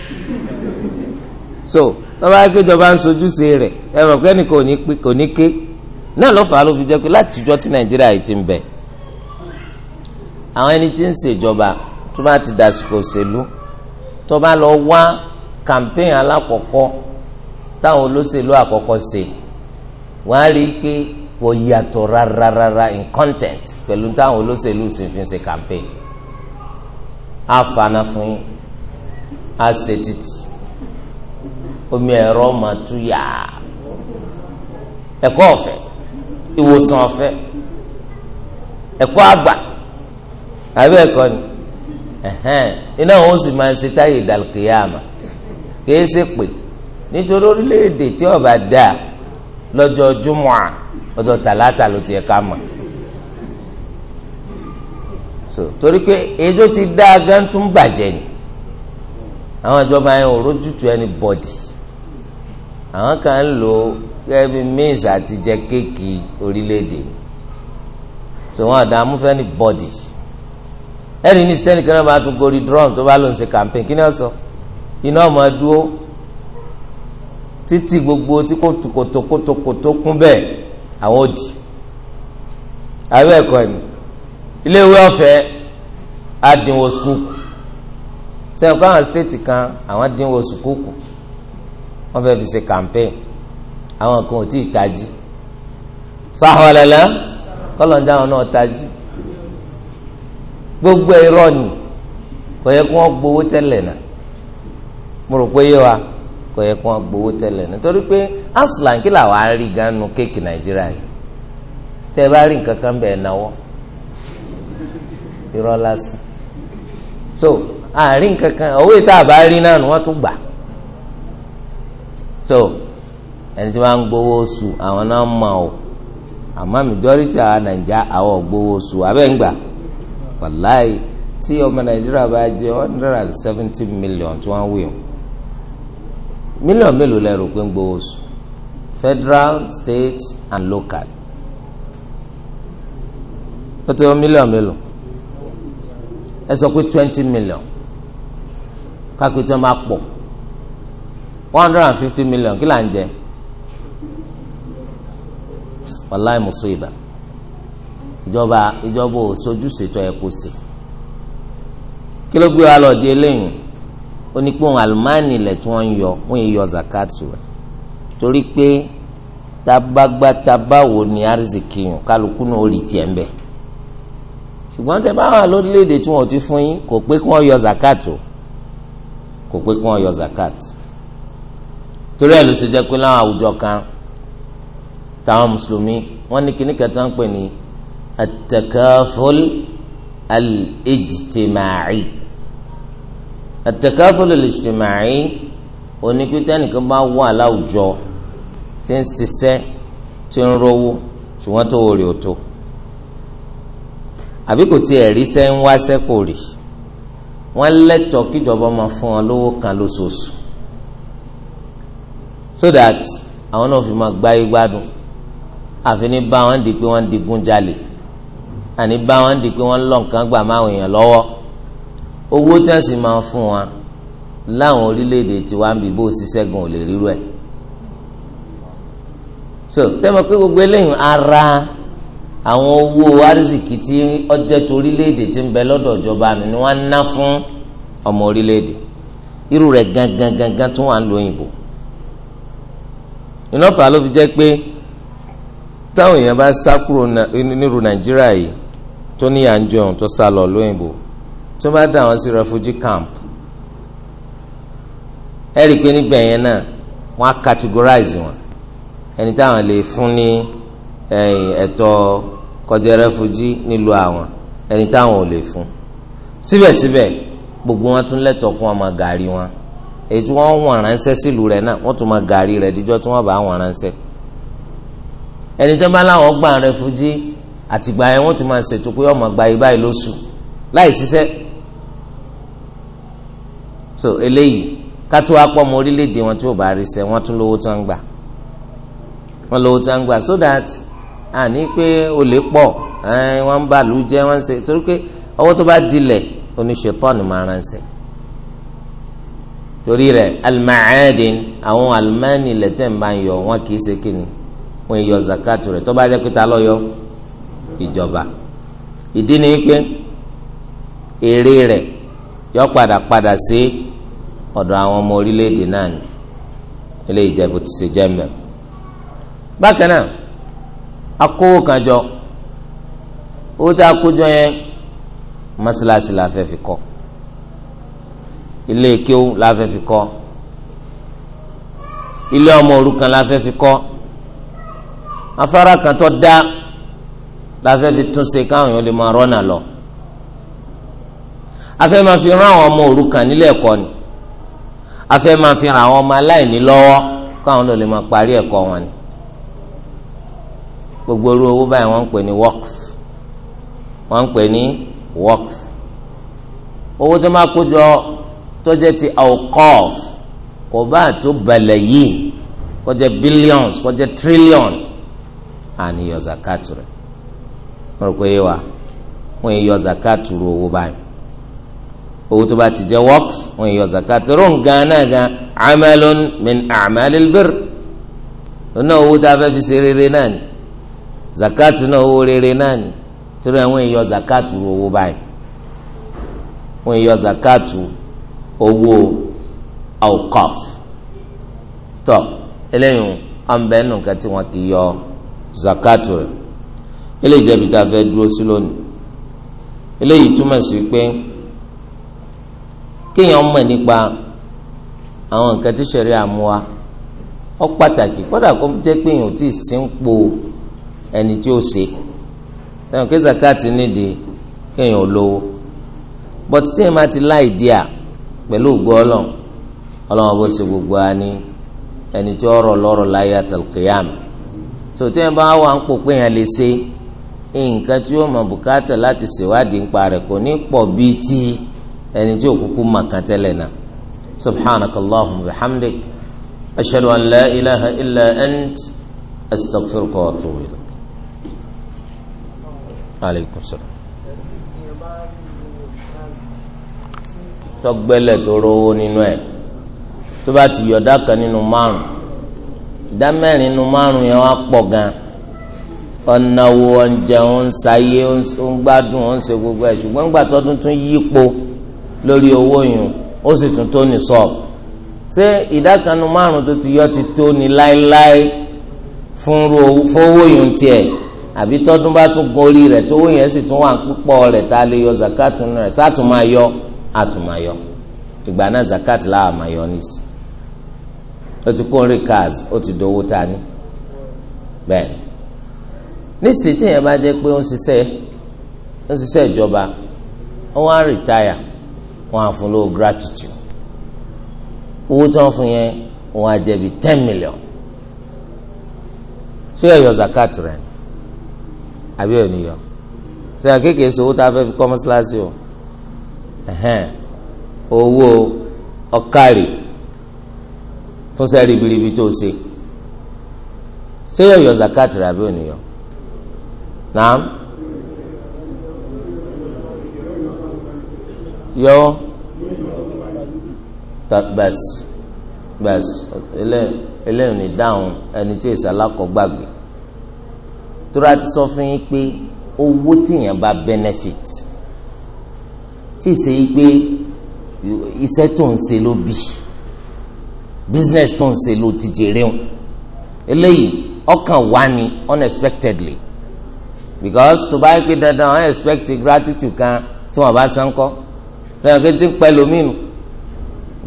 so tọ́ba akéjọba ń sojúṣe rẹ̀ ẹ mọ̀ pé ẹnìkan kò ní ké náà ló fà á ló fi jẹ́ pé látijọ́ tí nàìjíríà yìí ti ń bẹ àwọn ẹni tí ń ṣèjọba tó bá ti dàsìkò òṣèlú tó bá lọ wá kàmpẹ́ìn alákọ̀ọ́kọ́ táwọn olóṣèlú àkọ́kọ́ ṣe wàá rí i pé wọ́n yàtọ̀ rárára in content pẹ̀lú táwọn olóṣèlú sì fi ń ṣe kàmpẹ́ìn á fana fún yín á ṣe títì omi ẹ̀rọ máa tú yàá ẹ̀kọ́ ọ̀fẹ́ ìwòsàn ọ̀fẹ́ ẹ̀kọ́ àgbà àbẹ́ ẹ̀kọ́ ni iná òun sì máa ń ṣe táyé ìdàlùkìyàmà kìí ṣe pé nítorí orílẹ̀-èdè tí ọba dà lọ́jọ́ júmọ́à ọjọ́ tàlátà ló ti ẹ̀ka mọ̀ so torí pé èjò ti dá agán tún bàjẹ́ ni àwọn ìjọba yẹn ò rójútu ẹni bọ́dì àwọn kan ń lo gẹ́gẹ́ bí mins àti jẹ kéèkì orílẹ̀-èdè so wọn àdààmú fẹ́ ni bọ́dì ẹni ní sítẹ́nì kan náà bá tún gorí drum tó bá lòun ṣe campaign kí ni ó sọ iná ọmọ dúró títí gbogbo tí kòtòkòtòkòtò bẹ́ẹ̀ àwọn òdì àbẹ́ ẹ̀kọ́ ni iléèwé ọ̀fẹ́ ofe sukuku sẹ́yìn kó àwọn stéètì kan àwọn adínwó sukuku wọ́n fẹ́ẹ́ fi ṣe campaign àwọn kan ò tí ì tají gbogbo irọ́ ni kò yẹ kó wọ́n gbowó tẹ́lẹ̀ mo rò pé wa kò yẹ kó gbowó torí pé aslan kí làwọn ganu kéèkì nàìjíríà yìí ẹ bá irọ́ lásán so àárín kankan owó ìta àbárí náà wọ́n tún gbà so ẹni tí wọ́n ń gbowó oṣù àwọn náà mọ̀ ọ́ àmọ́ majority àwọn nàìjà àwọn gbowó oṣù abẹ́ǹgbà wàláì tí ọmọ nàìjíríà bá jẹ one hundred and seventy million tí wọ́n wí o mílíọ̀n mélòó lẹ́rù pé ń gbowó oṣù federal state and local ó tó mílíọ̀n mélòó ẹ sọ pé twenty million kápẹ́ tí máa pọ̀ one hundred and fifty million kí là ń jẹ wàláì mùsíbà ìjọba ìjọba ò sojúṣe tó yẹ kó ṣe kí ló gbé wa lọ di eléyìí ó ní pé òun àlùmáàní ilẹ̀ tí wọ́n ń yọ wọ́n yìí yọ zakat rẹ̀ torí pé tabagbatabawo ni arzikiyun kálukú náà ó rí tiẹ̀ ń bẹ̀ ṣùgbọ́n tẹ bá wà lórílẹ̀‐èdè tí wọn ò ti fún yín kò pé kí wọ́n yọ zakat o kò pé kí wọ́n yọ zakat torí ẹ̀ ló ṣe jẹ́ pé láwọn àwùjọ kan táwọn mùsùlùmí wọ́n ní kíní kẹta ń pè ní at al-ijtima'i at al-ijtima'i onípítẹ́ nìkan bá wà láwùjọ tí ń ṣiṣẹ́ tí ń rówó ṣùgbọ́n tó wọlé òtó àbí kò tiẹ̀ rí sẹ́ ń wáṣẹ́ kò rí wọ́n lẹ́tọ̀ọ́ kíjọba ọmọ fún ọ lówó kan lóṣooṣù so that àwọn náà fi máa gbáyé gbádùn àfi ní bá wọn di pé wọ́n digun jalè àní bá wọn di pé wọ́n lọ nǹkan gbà máwọn èèyàn lọ́wọ́ owó tí wọ́n sì máa fún wọn láwọn orílẹ̀-èdè tiwa ń bì bó ṣiṣẹ́ gan ò lè rírú ẹ̀ so sẹ́mi pé gbogbo eléyìí ara àwọn owó arísìkì tí ọjẹ́ tó orílẹ̀-èdè ń bẹ lọ́dọ̀ ìjọba mi ni wọ́n ń ná fún ọmọ orílẹ̀-èdè irú rẹ̀ gangan gangan tún wà ń lo òyìnbó ìnáfà ló fi jẹ́ pé táwọn èèyàn bá sá kúrò nírú nàìjíríà yìí tó ní àjọ tó sá lọ lóyìnbó tó bá dà wọ́n sí refugee camp ẹ rí i pé nígbà yẹn náà wọ́n á categorize wọn ẹni táwọn lè fún ní ẹ̀tọ́ kọjá rẹfújí nílùú àwọn ẹni táwọn ò lè fún síbẹ̀síbẹ̀ gbogbo wọn tún lẹ́tọ̀ọ́ kún ọmọ gàrí wọn èyí tí wọ́n wọ̀n ránṣẹ́ sílùú rẹ̀ náà wọ́n tún máa gàrí rẹ̀ díjọ́ tí wọ́n bá wọ̀n ránṣẹ́ ẹni tó bá láwọn gbà rẹfújí àtìgbà yẹn wọ́n tún máa ṣètò pé ọmọ gba ibà yìí lóṣù láì ṣiṣẹ́ so eléyìí kátó apọ́mọ orílẹ̀-èdè wọn tí ò bá rí ṣe wọ́n tún lówó tó ń gbà wọ́n lówó tó ń gbà so that àní pé olè pọ̀ wọ́n ń bá lù jẹ́ wọ́n ń ṣe torí pé ọwọ́ tó bá dilẹ̀ oníṣetọ́ọ̀nù máa ránṣẹ́ torí rẹ̀ alimaadin àwọn alimani lẹ́tẹ̀ ń bá yọ wọn kì í ṣe kíni wọn yọ zakatu rẹ̀ tó bá jẹ́ pé ta yọ ìjọba ìdí ni pé èrè rẹ̀ yọ padà padà sí ọ̀dọ̀ àwọn ọmọ orílẹ̀ náà ni ilé ìjẹ̀bù ti ṣe jẹ́ mẹ́rin bákan náà akówó kan jọ owó tá a kó jọ yẹn mọ́sálásí la fẹ́ fi kọ́ ilé kéwú la fẹ́ fi kọ́ ilé ọmọ òrukàn la fẹ́ fi kọ́ afárá kan tó dá la fẹ́ fi tún ṣe káwọn èèyàn lè máa rọ́nà lọ afẹ́ máa fi rán àwọn ọmọ òrukàn nílé ẹ̀kọ́ ni afẹ́ máa fi ràn àwọn ọmọ aláìní lọ́wọ́ káwọn lè máa parí ẹ̀kọ́ wọn ni gbogbo orú owó báyìí wọ́n ń pè ní waqf wọ́n ń pè ní waqf owó tó máa kó jọ tó jẹ́ ti awqaf kò bá tó balẹ̀ yìí kó jẹ́ billions kó jẹ́ trillion àníyàn zakatu rẹ̀ wọ́n rò pé yé wa wọ́n yẹ yọ zakatu ru owó báyìí owó tó bá ti jẹ́ waqf wọ́n yẹ yọ zakatu rún ganan gan amalun min amalil bir lónà owó tá a fẹ́ fi ṣe rere náà ni zakati náà owó rere náà ni torí àwọn èèyàn zakati owó báyìí wọn èèyàn zakati owó alqaf tọ eléyìí ọ̀nbẹ́nu nǹkan tí wọn kì í yọ zakati rẹ eléyìí jẹ́bi tá a fẹ́ dúró sí lónìí eléyìí túmọ̀ sí pé kéèyàn mọ̀ nípa àwọn nǹkan tí sẹ̀rí àmúwa ó pàtàkì kódà kó jẹ́ pé èèyàn ò tí ì sínpò ẹni tí ó ṣe sẹ́wọ̀n kí zakati nídìí kéèyàn olówó but tí èèyàn máa ti láì di à pẹ̀lú ògbó ọlọ́run ọlọ́run bó ṣe gbogbo wa ní ẹni tí ọrọ̀ lọ́rọ̀ láyé àtàlùkìyàmù tó tí èèyàn bá wà ń pò pé èèyàn lè ṣe nǹkan tí ó mọ bùkátà láti ṣèwádìí nípa rẹ̀ kò ní pọ̀ bíi ti ẹni tí òkúkú mọ̀ kàn tẹ́lẹ̀ náà subhanakallahumma wa bihamdik ashhadu an la ilaha illa ant astaghfiruka wa atubu ilayk aleykum salaam. tọgbẹlẹ tó rówó nínú ẹ tó bá ti yọ dáka nínú márùn ìdá mẹ́rin nínú márùn yẹn wá pọ̀ gan ọ̀nàwó ọ̀njẹ ń sáyé ń gbádùn ń ṣe gbogbo ẹ̀ ṣùgbọ́n ńgbà tọdún tún yípo lórí owó yìí ó sì tún tó ní sọ ṣé ìdá márùn tó ti yọ ti tó ní láéláé fún owó yìí tiẹ̀ àbí tọdún bá tún gun orí rẹ̀ tówó yẹn sì tún wà púpọ̀ rẹ̀ tá a lè yọ zakat nù rẹ̀ sátún máa yọ àtún máa yọ ìgbà náà zakat láà máa yọ nísì ó ti kó rí cars ó ti dowó ta ni bẹ́ẹ̀ nísì tí yẹn bá jẹ́ pé ó ń ṣiṣẹ́ ó ń ṣiṣẹ́ ìjọba ó wá rìtáyà wọ́n á fún lówó gratitude owó tí wọ́n fún yẹn wọ́n á jẹ́ bíi ten million ṣé ẹ yọ zakat rẹ̀ ni àbí òníyọ sẹ́yìn kékeré sọ owó tá a fẹ́ fi kọ́ mọ́ṣáláṣí o owó ọ̀kárì fún sẹ́ẹ̀rì biribi tó ṣe ṣé yọ̀yọ̀ zakat rẹ̀ àbí òníyọ náà yọ bẹ́ẹ̀sì bẹ́ẹ̀sì eléyìí ní dáhùn ẹni tí èsì alákọ̀ọ́gbàgbé tóra ti sọ fún yín pé owó tíyàn bá benefit tí ì ṣe yí pé iṣẹ́ tó ń ṣe ló bí business tó ń ṣe ló ti jèrè o eléyìí ọkàn wá ni unexpectedly because tó bá yẹ pé dandan unexpected gratitude kan tí wọn bá san kọ fẹ́ràn kí n ti ń pẹ́ lómi nù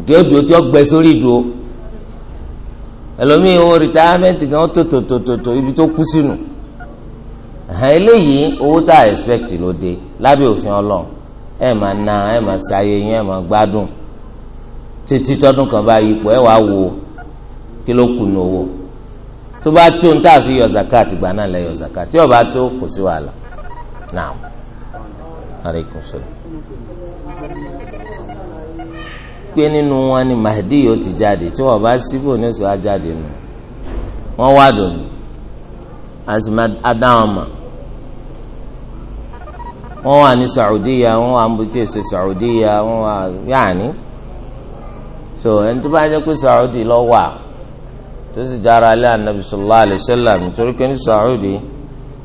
kí ó dùn tí ó gbẹ sórí ìdúró ẹlòmíì owó retirement gan tó tòtòtòtò ibi tó kú sínú. Si hàn eléyìí owó tá a expect ló dé lábẹ́ òfin ọlọ́run ẹ máa na ẹ máa ṣayé yín ẹ máa gbádùn títí tọdún kan bá yípo ẹ wàá wo kí ló kù nówó tó bá tó ń tà fi yọ zakat ìgbà náà lẹ yọ zakat tí ó bá tó kò sí wàhálà naam aleykum salaam pé nínú wọn ni Mahdi yóò ti jáde tí wọn bá síbò ní oṣù ajáde nù wọn wá dùn ní adáwọn mọ. wọ́n wà ní Saudiya wọ́n wà mbùtẹ́sì Saudiya wọ́n wà yáàní so ẹni tó bá jẹ́ pé Saudi lọ wà tó sì alẹ́ anabi sallallahu alayhi wasallam nítorí pé ní Saudi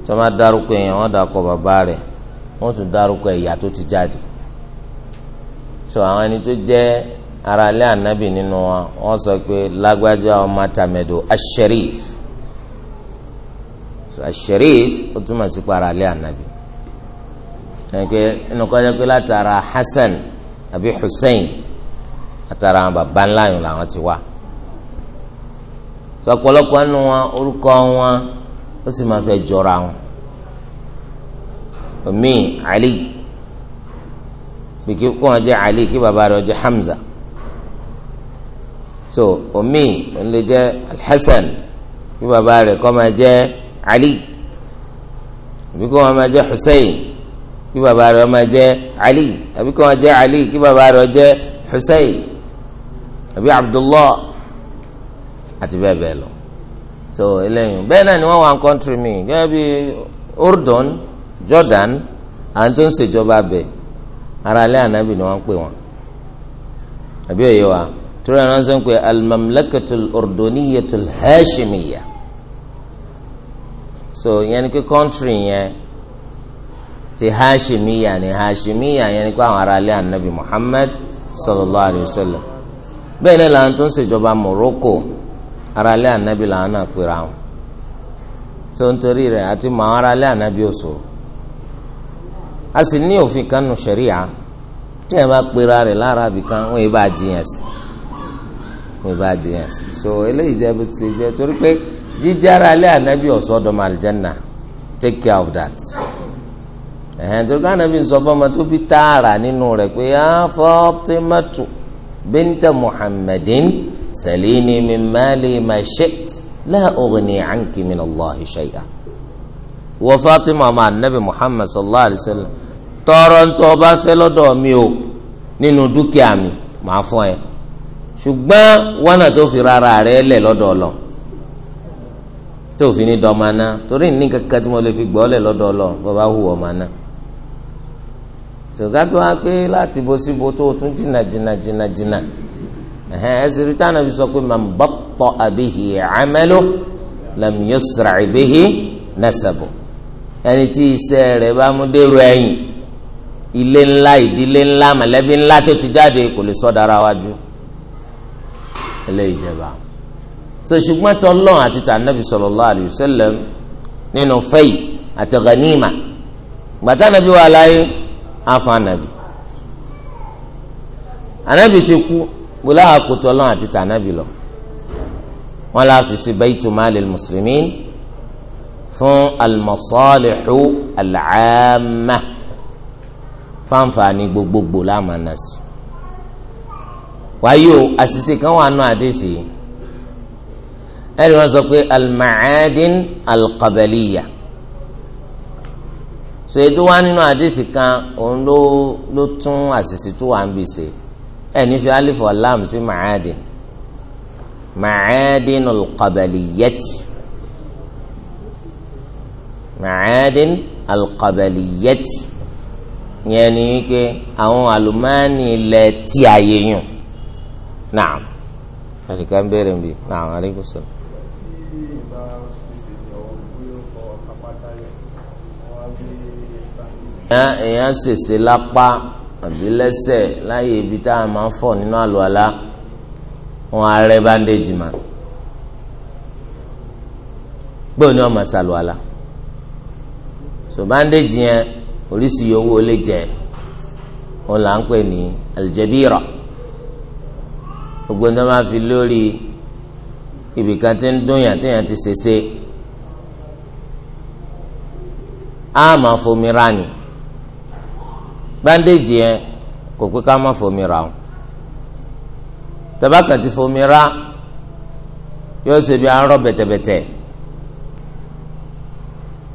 tó máa dárúkọ èèyàn wọ́n dàkọ bàbá rẹ̀ wọ́n tún dárúkọ ẹ̀yà tó ti jáde so àwọn ẹni tó ara alẹ́ anabi nínú wọn sọ pé lágbájá ọmọ tàmẹ̀dò asherif anabi. ẹnìkan ẹnìkan jẹ́ pé látara Hasan àbí Hussein látara àwọn baba ńlá yòó làwọn ti wá sọpọlọpọ nínú wọn orúkọ wọn ó sì máa fẹ́ jọra wọn omi Ali bìkí kó wọn jẹ́ Ali kí baba rẹ̀ jẹ́ Hamza so omi ń lè hasan kí baba rẹ̀ kó máa jẹ́ Ali bí kó wọn máa jẹ́ Hussein kí bàbá rẹ̀ ó máa jẹ́ ali àbí kí wọ́n jẹ́ ali kí bàbá rẹ̀ ó hussein àbí abdullah àti bẹ́ẹ̀ bẹ́ẹ̀ lọ so eléyìí bẹ́ẹ̀ náà ni wọ́n wà ń kọ́ńtírì mi gẹ́gẹ́ bí urdun jordan àwọn tó ń ṣèjọba bẹ̀ ara alẹ́ ànábì ni wọ́n ń pè wọ́n àbí òye wa tura náà sọ pé almamlakatul urduniyatul hashimiya so ìyẹn ni pé kọ́ńtírì yẹn ti hashimiya ni hashimiya yẹn ni kó àwọn ará ilé anabi muhammad sallallahu alayhi wa sallam bẹ́ẹ̀ ni làwọn tó ń ṣèjọba morocco ará ilé anabi làwọn náà pera wọn tó ń torí rẹ̀ àti mọ àwọn ará ilé anabi òṣò a sì ní òfin kanu sẹ̀ríà tí ẹ bá pera rẹ̀ lára ibìkan wọn ì bá jiyàn sí wọn ì bá jiyàn sí so eléyìí jẹ́ bí ti jẹ́ torí pé jíjẹ́ ará ilé anabi ọ̀sọ́ ọ̀dọ́mọ aljanna take care of that ẹ̀hẹ́n tó ká nàbí sọ fún ọmọ tó bí tààrà nínú rẹ̀ pé á Fatimatu binta Muhammadin salini min mali ma shi'ti la ughni anki min Allahi shay'a wọ Fatima ọmọ anabi Muhammad sallallahu alayhi wa sallam tọrọ ń tọ́ bá fẹ́ lọ́dọ̀ mi o nínú dúkìá mi màá fún ẹ ṣùgbọ́n wọnà tó fi rárá rẹ̀ lẹ̀ lọ́dọ̀ lọ tó fi ní torí ní kankan tí mo lè fi gbọ́ lẹ̀ lọ́dọ̀ lọ bàbá hùwà ọmọ sọ̀gá tó wá pé láti bo síbo tó o tún jìnnà jìnnà jìnnà jìnnà ẹsẹ̀ rí táwọn àbí sọ pé man batta'a bihi 'amaluhu lam yusra' bihi nasabuhu ẹni tí iṣẹ́ rẹ̀ bá mú dèrò ẹ̀yìn ilé ńlá ìdílé ńlá mọ̀lẹ́bí ńlá tó ti jáde kò lè sọ dára wájú ilé ìjẹba so ṣùgbọ́n tọ́lọ́n àti tànàbì sallallahu alayhi wa sallam nínú fẹ́yì àti ghanima gbàtà nàbí wà láyé àfa ànàbì ànàbì ti kú gbọlá àkótó ọlọ́run àti tànàbì lọ wọn là fi sí baytu malil muslimin fún almasalihu al'amma fáǹfààní gbogbogbò láàmà náà sí wáyé o àṣìṣe kan wà nù àdéhìí ẹni wọn sọ pé almaadin alqabaliya. Al so ètò wa nínú àdìsí kan òun ló ló tún àṣìṣe tó wà ń bì ṣe ẹ ní fi alif ọlám sí màádìn màádìn alqabaliyati màádìn alqabaliyati yẹn ni pé àwọn àlùmáàní ilẹ̀ tí a yẹ yùn náà ẹnìkan bẹ̀rẹ̀ bí náà àríkùsọ. èèyàn ṣèṣe lápá àbí lẹ́sẹ̀ láyé ibi tá a máa ń fọ̀ nínú àlùwàlá wọn á bandage mà gbọ́dọ̀ ni wọ́n máa so bandage yẹn oríṣìí owó lè jẹ́ wọn là ń pè ní aljabira gbogbo ní wọn máa fi lórí ibìkan tí ń dún yàn tí yàn ti ṣèṣe á máa fomi rání bandage yẹn kò pé ká má fomi ra o tabaka ti fomi ra yóò ṣe bí arọ bẹ̀tẹ̀bẹ̀tẹ̀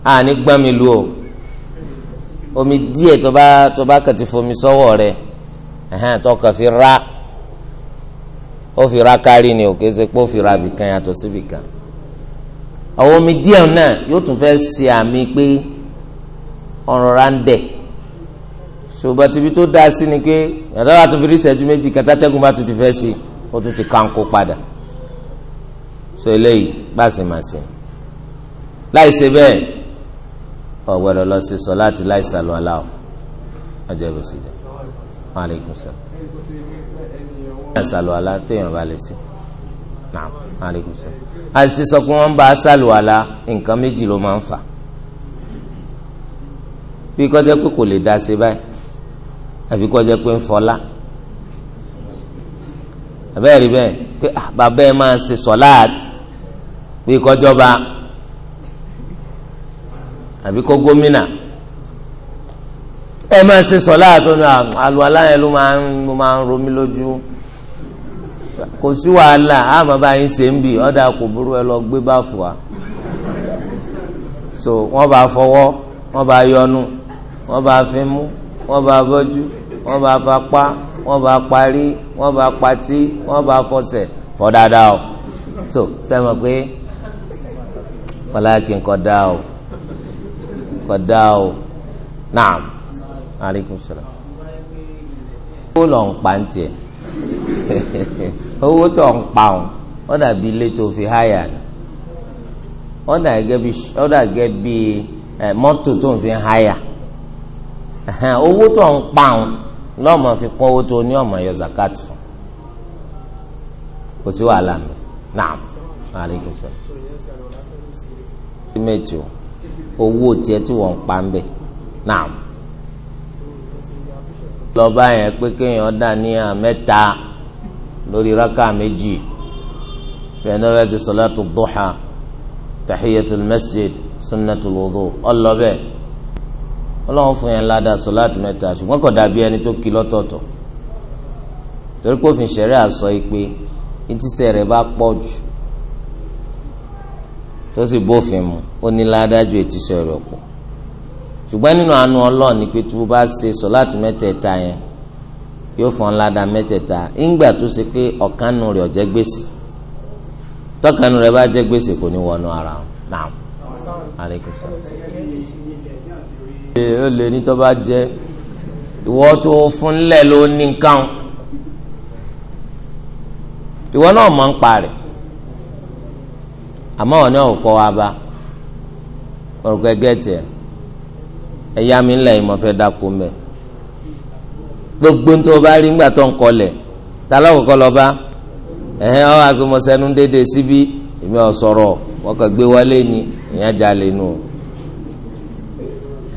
àní gbọ́n mi lu o omi díẹ̀ tó bá tó bá kàn ti fomi sọ́wọ́ rẹ̀ ẹ̀hẹ́n tó kàn fi ra ó fi ra kárí ni ò kése pé ó fi ra bìkan yàtọ̀ sí bìkan àwọn omi díẹ̀ náà yóò tún fẹ́ ṣe àmì pé ọ̀rọ̀ ń dẹ̀ ṣùgbọ́n tìbí tó dáa sí ni pé yàtọ̀ láti fi rí ìṣẹ́jú méjì kẹtàtẹ́gùn bá tún ti fẹ́ sí ó tún ti kánkó padà so eléyìí bá sì máa ṣe láì ṣe bẹ́ẹ̀ ọ̀gbẹ́rẹ́ lọ sí sọ láti láì sàlọ́ aláwọ̀ ọjọ́ ìbò sí jẹ́ wọn lè gùn sọ láì sàlọ́ alá téèyàn bá lè ṣe wọn lè gùn sọ àti sọ pé wọ́n bá sàlọ́ alá nǹkan méjì ló máa ń fà bí kọ́jọ́ pé kò lè dá ṣe báyìí àfi kó jẹ́ pé ń fọlá àbẹ́rẹ́ bẹ́ẹ̀ pé ah, bàbá ẹ máa ṣe sọ̀láàtì bí kọjọba àbí kó gómìnà ẹ máa ṣe sọ̀láàtì ọ̀nà ah, àlùwàlá yẹn ló máa ń ló máa ń romí lójú kò sí wàhálà àmọ́ báyìí ṣe ń bì ọ̀dà kò burú ẹ lọ gbé bá fùwà so wọ́n bá fọwọ́ wọ́n bá yọnu wọ́n bá fimú wọ́n bá bọ́jú wọ́n bá fapá wọ́n bá parí wọ́n bá patí wọ́n bá fọsẹ̀ fọ́ dáadáa o so sẹ́wọ̀n pé wàláàkì kọ̀dá o kọ̀dá o naam aleykum salaam owó lọ ń pa ń tiẹ̀ owó tó ń pa ọ́n ó dàbí ilé tó fi háyà ni ó dàgẹ́ bí mọ́tò tó ń fi háyà owó tó ń pa ọ́n lọ́mọ fi kún owó tó ní ọmọ yọ zakat fún kò sí wàhálà mi naam aleykum sọ. símẹ́tì o owó tiẹ̀ tí wọ́n ń pa ń bẹ̀ naam. lọ́ba yẹn pé kéèyàn dà ní àmẹ́ta lórí rákà méjì bẹ́ẹ̀ náà wẹ́ẹ́ ti sọ́látù duha sunnatul wudu ọlọ́bẹ̀ẹ́. ọlọ́run fún yẹn ládàá sọláàtì mẹ́ta ṣùgbọ́n kò dàbí ẹni tó kí lọ́tọ̀ọ̀tọ̀ torí pé òfin ṣẹ̀rẹ́ ipe ìpè ìtísẹ̀ rẹ̀ bá pọ̀ jù tó sì bófin mu ó ní ládàá ju ìtísẹ̀ rẹ̀ pọ̀ ṣùgbọ́n nínú àánú ọlọ́run o bá ṣe mẹ́tẹ̀ẹ̀ta yẹn yóò ládàá mẹ́tẹ̀ẹ̀ta ńgbà tó ṣe pé rẹ̀ ọ̀jẹ́ gbèsè rẹ̀ ó lè ní tó bá jẹ ìwọ tó fúnlẹ̀ ló ní nǹkan ìwọ náà mọ̀ ń pa rẹ̀ àmọ́ ọ̀nà òkọ́ wa bá orúkọ ẹgẹ́ tiẹ̀ ẹ̀yà mi ńlẹ̀ yìí mo fẹ́ dákú mẹ́ gbogbo tó bá rí ńgbà tó ń kọlẹ̀ ta lákòókò lọ bá ẹ̀hẹ́n ọ́ àgbẹ̀mọ̀sẹ́nu déédéé síbí èmi ọ̀ sọ̀rọ̀ wọ́n kàn gbé wọlé ni ìyẹn jalè nù. No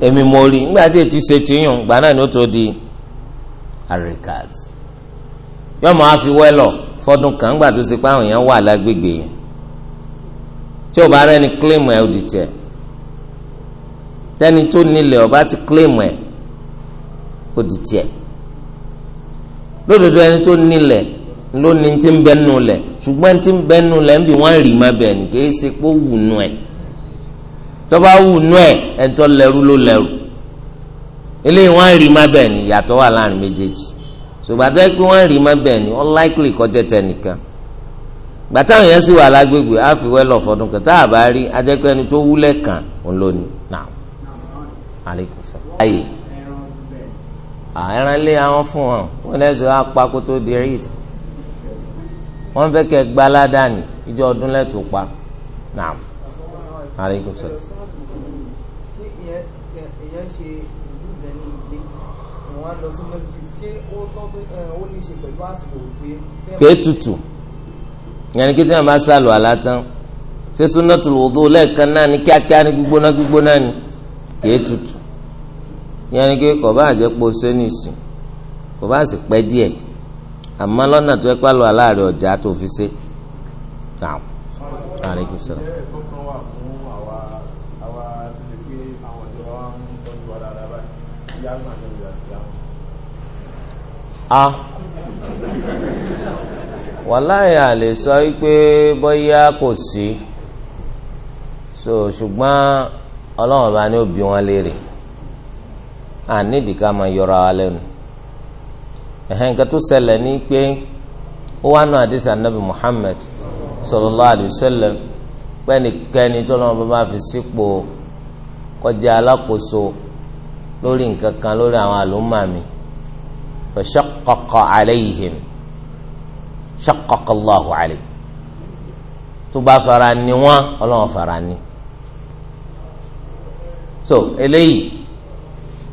èmi mo rí nígbà tí ètí ṣe tìyàn gbà náà ni ó tó di àríkàs yóò máa fi wẹ́lọ̀ fọdún kan gbà tó ṣe pé àwọn èèyàn wà lágbègbè yẹn tí ò bá rẹ́ni kílèmù ẹ̀ òdì tiẹ̀ tẹ́ni tó nílẹ̀ ọba ti kílèmù ẹ̀ òdì tiẹ̀ lódodo ẹni tó nílẹ̀ ló ní ti ń bẹ́nu lẹ̀ ṣùgbọ́n ti ń bẹ́nu lẹ̀ ń bí wọ́n rì má bẹ̀ ní kí ẹ ṣe pé ó wù nù ẹ̀ tọ́ba wù nú ẹ̀ ẹ̀ńtọ́ lẹ́rú ló lẹ́rú eléyìí wọ́n rí má bẹ́ẹ̀ ni yàtọ̀ wà láàrin méjèèjì ṣùgbọ́n àti pé wọ́n rí má bẹ́ẹ̀ ni wọ́n likely kọjá tẹnìkan gbàtà àwọn yẹn sì wà lágbègbè àfiwẹ́ lọ fọdún kan tá a bá rí ajẹ́pẹ́ ẹni tó wúlẹ̀ kàn ń lónìí náà alaikum salaam. ayé ẹran lé àwọn fún wọn wọn lẹ́sẹ̀ wá pa kó tó di eid wọ́n fẹ́ kẹ́ gbaládàá ní ìjọ ọdún lẹ́tọ̀ọ́ pa náà alaikum salaam ń ṣe ìlú gan ní ilé wọn á lọ sí mọ́síjì ṣé ó tọ́ pé ó ní í ṣe pẹ̀lú àsìkò òkè. kéé tutù yẹn ni kí tí wọn bá sálù àlátán ṣé sunnatul wudu lẹ́ẹ̀kan náà ní kíákíá ní gbígbóná gbígbóná ni kéé tutù yẹn ni kí kò bá àjẹpọ̀ sẹ́nìsì kò bá sì pẹ́ díẹ̀ àmọ́ lọ́nà tó ẹ pálọ̀ aláàrẹ̀ ọ̀já tó fi ṣe. Naam. Alaikum salaam. Ah. a wàláyà lè sọ wípé bóyá kò sí so ṣùgbọ́n ọlọ́run bá ní òbí wọn léèrè ànídìí ká máa yọra wa lẹ́nu ẹ̀hẹ́n nǹkan tó ṣẹlẹ̀ ní pé ó wá náà àdìsí ànábì Muhammad sallallahu alaihi wasallam pẹ́ẹ́nì kẹ́ni tó lọ́wọ́ bá fi sípò kọjá alákòóso lórí nǹkan kan lórí àwọn àlùmọ́ mi fa shaqqa alayhim shaqqa Allahu alayhi tó bá fara ni wọn ọlọ́run fara ni so eléyìí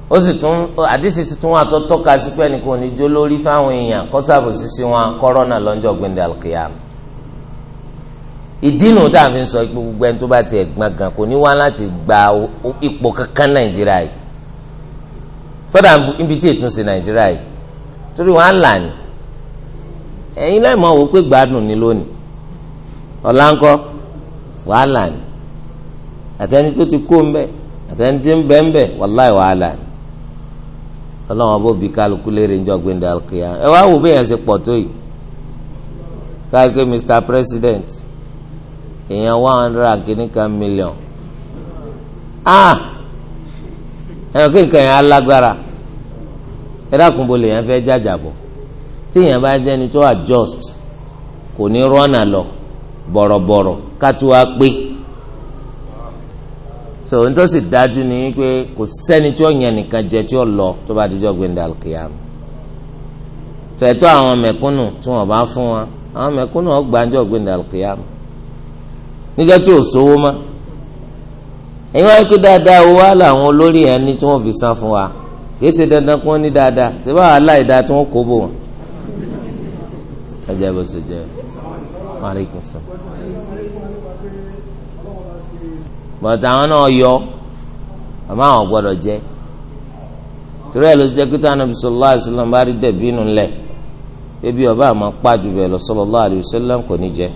ó sì tún àdìsí tuntun wà tó tọ́ka sí pé ẹnìkan ò ní jó lórí fáwọn èèyàn kó ṣàbòsí sí wọn kọ́rọ́nà lọ́jọ́ gbẹ̀ndẹ̀ alkiyama ìdínú tá a fi ń sọ gbogbo ẹni tó bá tiẹ̀ gbọ̀ngàn kò ní wá láti gba ipò kankan nàìjíríà yìí kódà níbi tí ètò ń ṣe nàìjíríà yìí torí wọn á là ní ẹ̀yin lẹ́mọ̀ wò pé gbádùn ní lónìí ní àtẹni tó ti kó ńbẹ àtẹni tí ń bẹ ńbẹ wàláì wàhálà ní ọlọ́wọ́n bó bi kálukú léèrè ńjọ gbẹ̀ndà kìá ẹ wá wò bẹ́ẹ̀ yẹn ṣe pọ̀ tó yìí káàkiri Mr. President èèyàn one hundred and million ah! ẹ̀rọ kí nǹkan yẹn alágbára ẹ dákun bo lèèyàn tí èèyàn bá jẹ́ni tó adjust kò ní lọ bọ̀rọ̀bọ̀rọ̀ ká tó so n si dájú ni pé kò sẹ́ni tí ó nìkan jẹ tí ó lọ tó bá dijọ́ gbẹ̀ndà kìyàmù fẹ̀tọ́ àwọn tí wọ́n bá fún wa àwọn kìyàmù tí ẹ̀yin wáyé pé dáadáa owó wá làwọn olórí ẹni tí wọ́n fi san fún wa kì í ṣe dandan kí wọ́n ní dáadáa ṣé bá wàá láì dáa tí wọ́n kó bò wọ́n. ẹ jẹ́ bó ṣe jẹ́ maaleykum sọ. bọ̀dà àwọn náà yọ àmọ́ àwọn gbọ́dọ̀ jẹ́ torí ẹ̀ ló jẹ́ kí táwọn Ànábì sallallahu alaihi bá rí dẹ̀bínú lẹ̀ ebi ọba àmọ́ pàjù lọ sallallahu alaihi kò ní jẹ́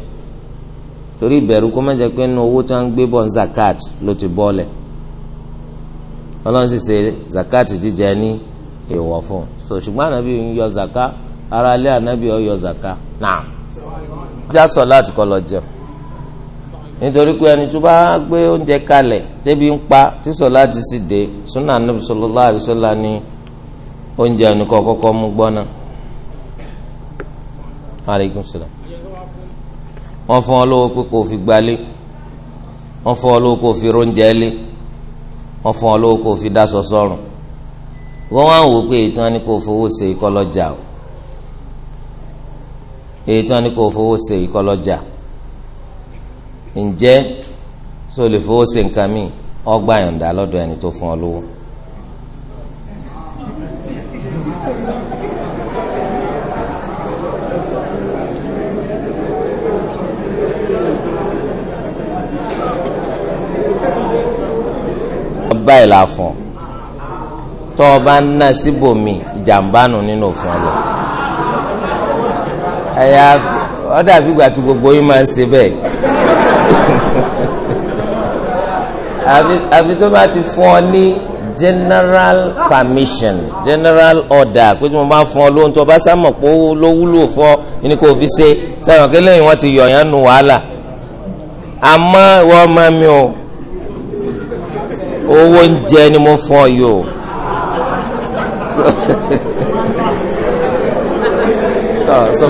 torí ìbẹ̀rù kó má jẹ́ pé nínú owó tí wọ́n ń gbé bọ̀ ní zakat ló ti bọ́ọ̀lẹ̀ ọlọ́run sì ṣe zakat jíjẹ ní èèwọ̀ fún un so ṣùgbọ́n ànábì ń yọ zaka ara alẹ́ ànábì ọ̀ yọ zaka náà já sọ láti kọ́ lọ jẹun nítorí pé ẹni tó bá gbé oúnjẹ kalẹ̀ débi ń pa tí sọ láti sì dé súnà ànábì sallallahu alaihi wasallam ní oúnjẹ ẹnìkan kọ́kọ́ mú gbọ́ná. Alaikum wọ́n fún ọ lówó pé kò fi gbalé wọ́n fún ọ lówó kò fi róúnjẹ lé wọ́n fún ọ lówó kò fi dáṣọ sọ́rùn wọ́n wá wò pé èyí tí wọ́n ní kò fowó ṣe ìkọlọ́jà o èyí tí wọ́n ní kò fowó ṣe ìkọlọ́jà ǹjẹ́ tó lè fowó ṣe nǹkan míì ọgbà yọ̀ǹda lọ́dọ̀ ẹni tó fún ọ lówó. báyìí la fún ọ tó o bá ń ná síbòmí ìjàmbá nù nínú òfin ọlọ ẹyà ọ dàbí ìgbà tí gbogbo yín máa ń ṣe bẹ́ẹ̀ àfi tó bá ti fún ọ ní general permission general order pé tí mo bá fún ọ lóhun tó o bá sámọ̀ pé ló wúlò fún ọ ní kò fi ṣe sẹ́wọ̀n kí lẹ́yìn wọ́n ti yọ̀ yẹn nu wàhálà àmọ́ ìwọ ọmọ mi o. owó ń jẹ ni mo fọ yìí ah, so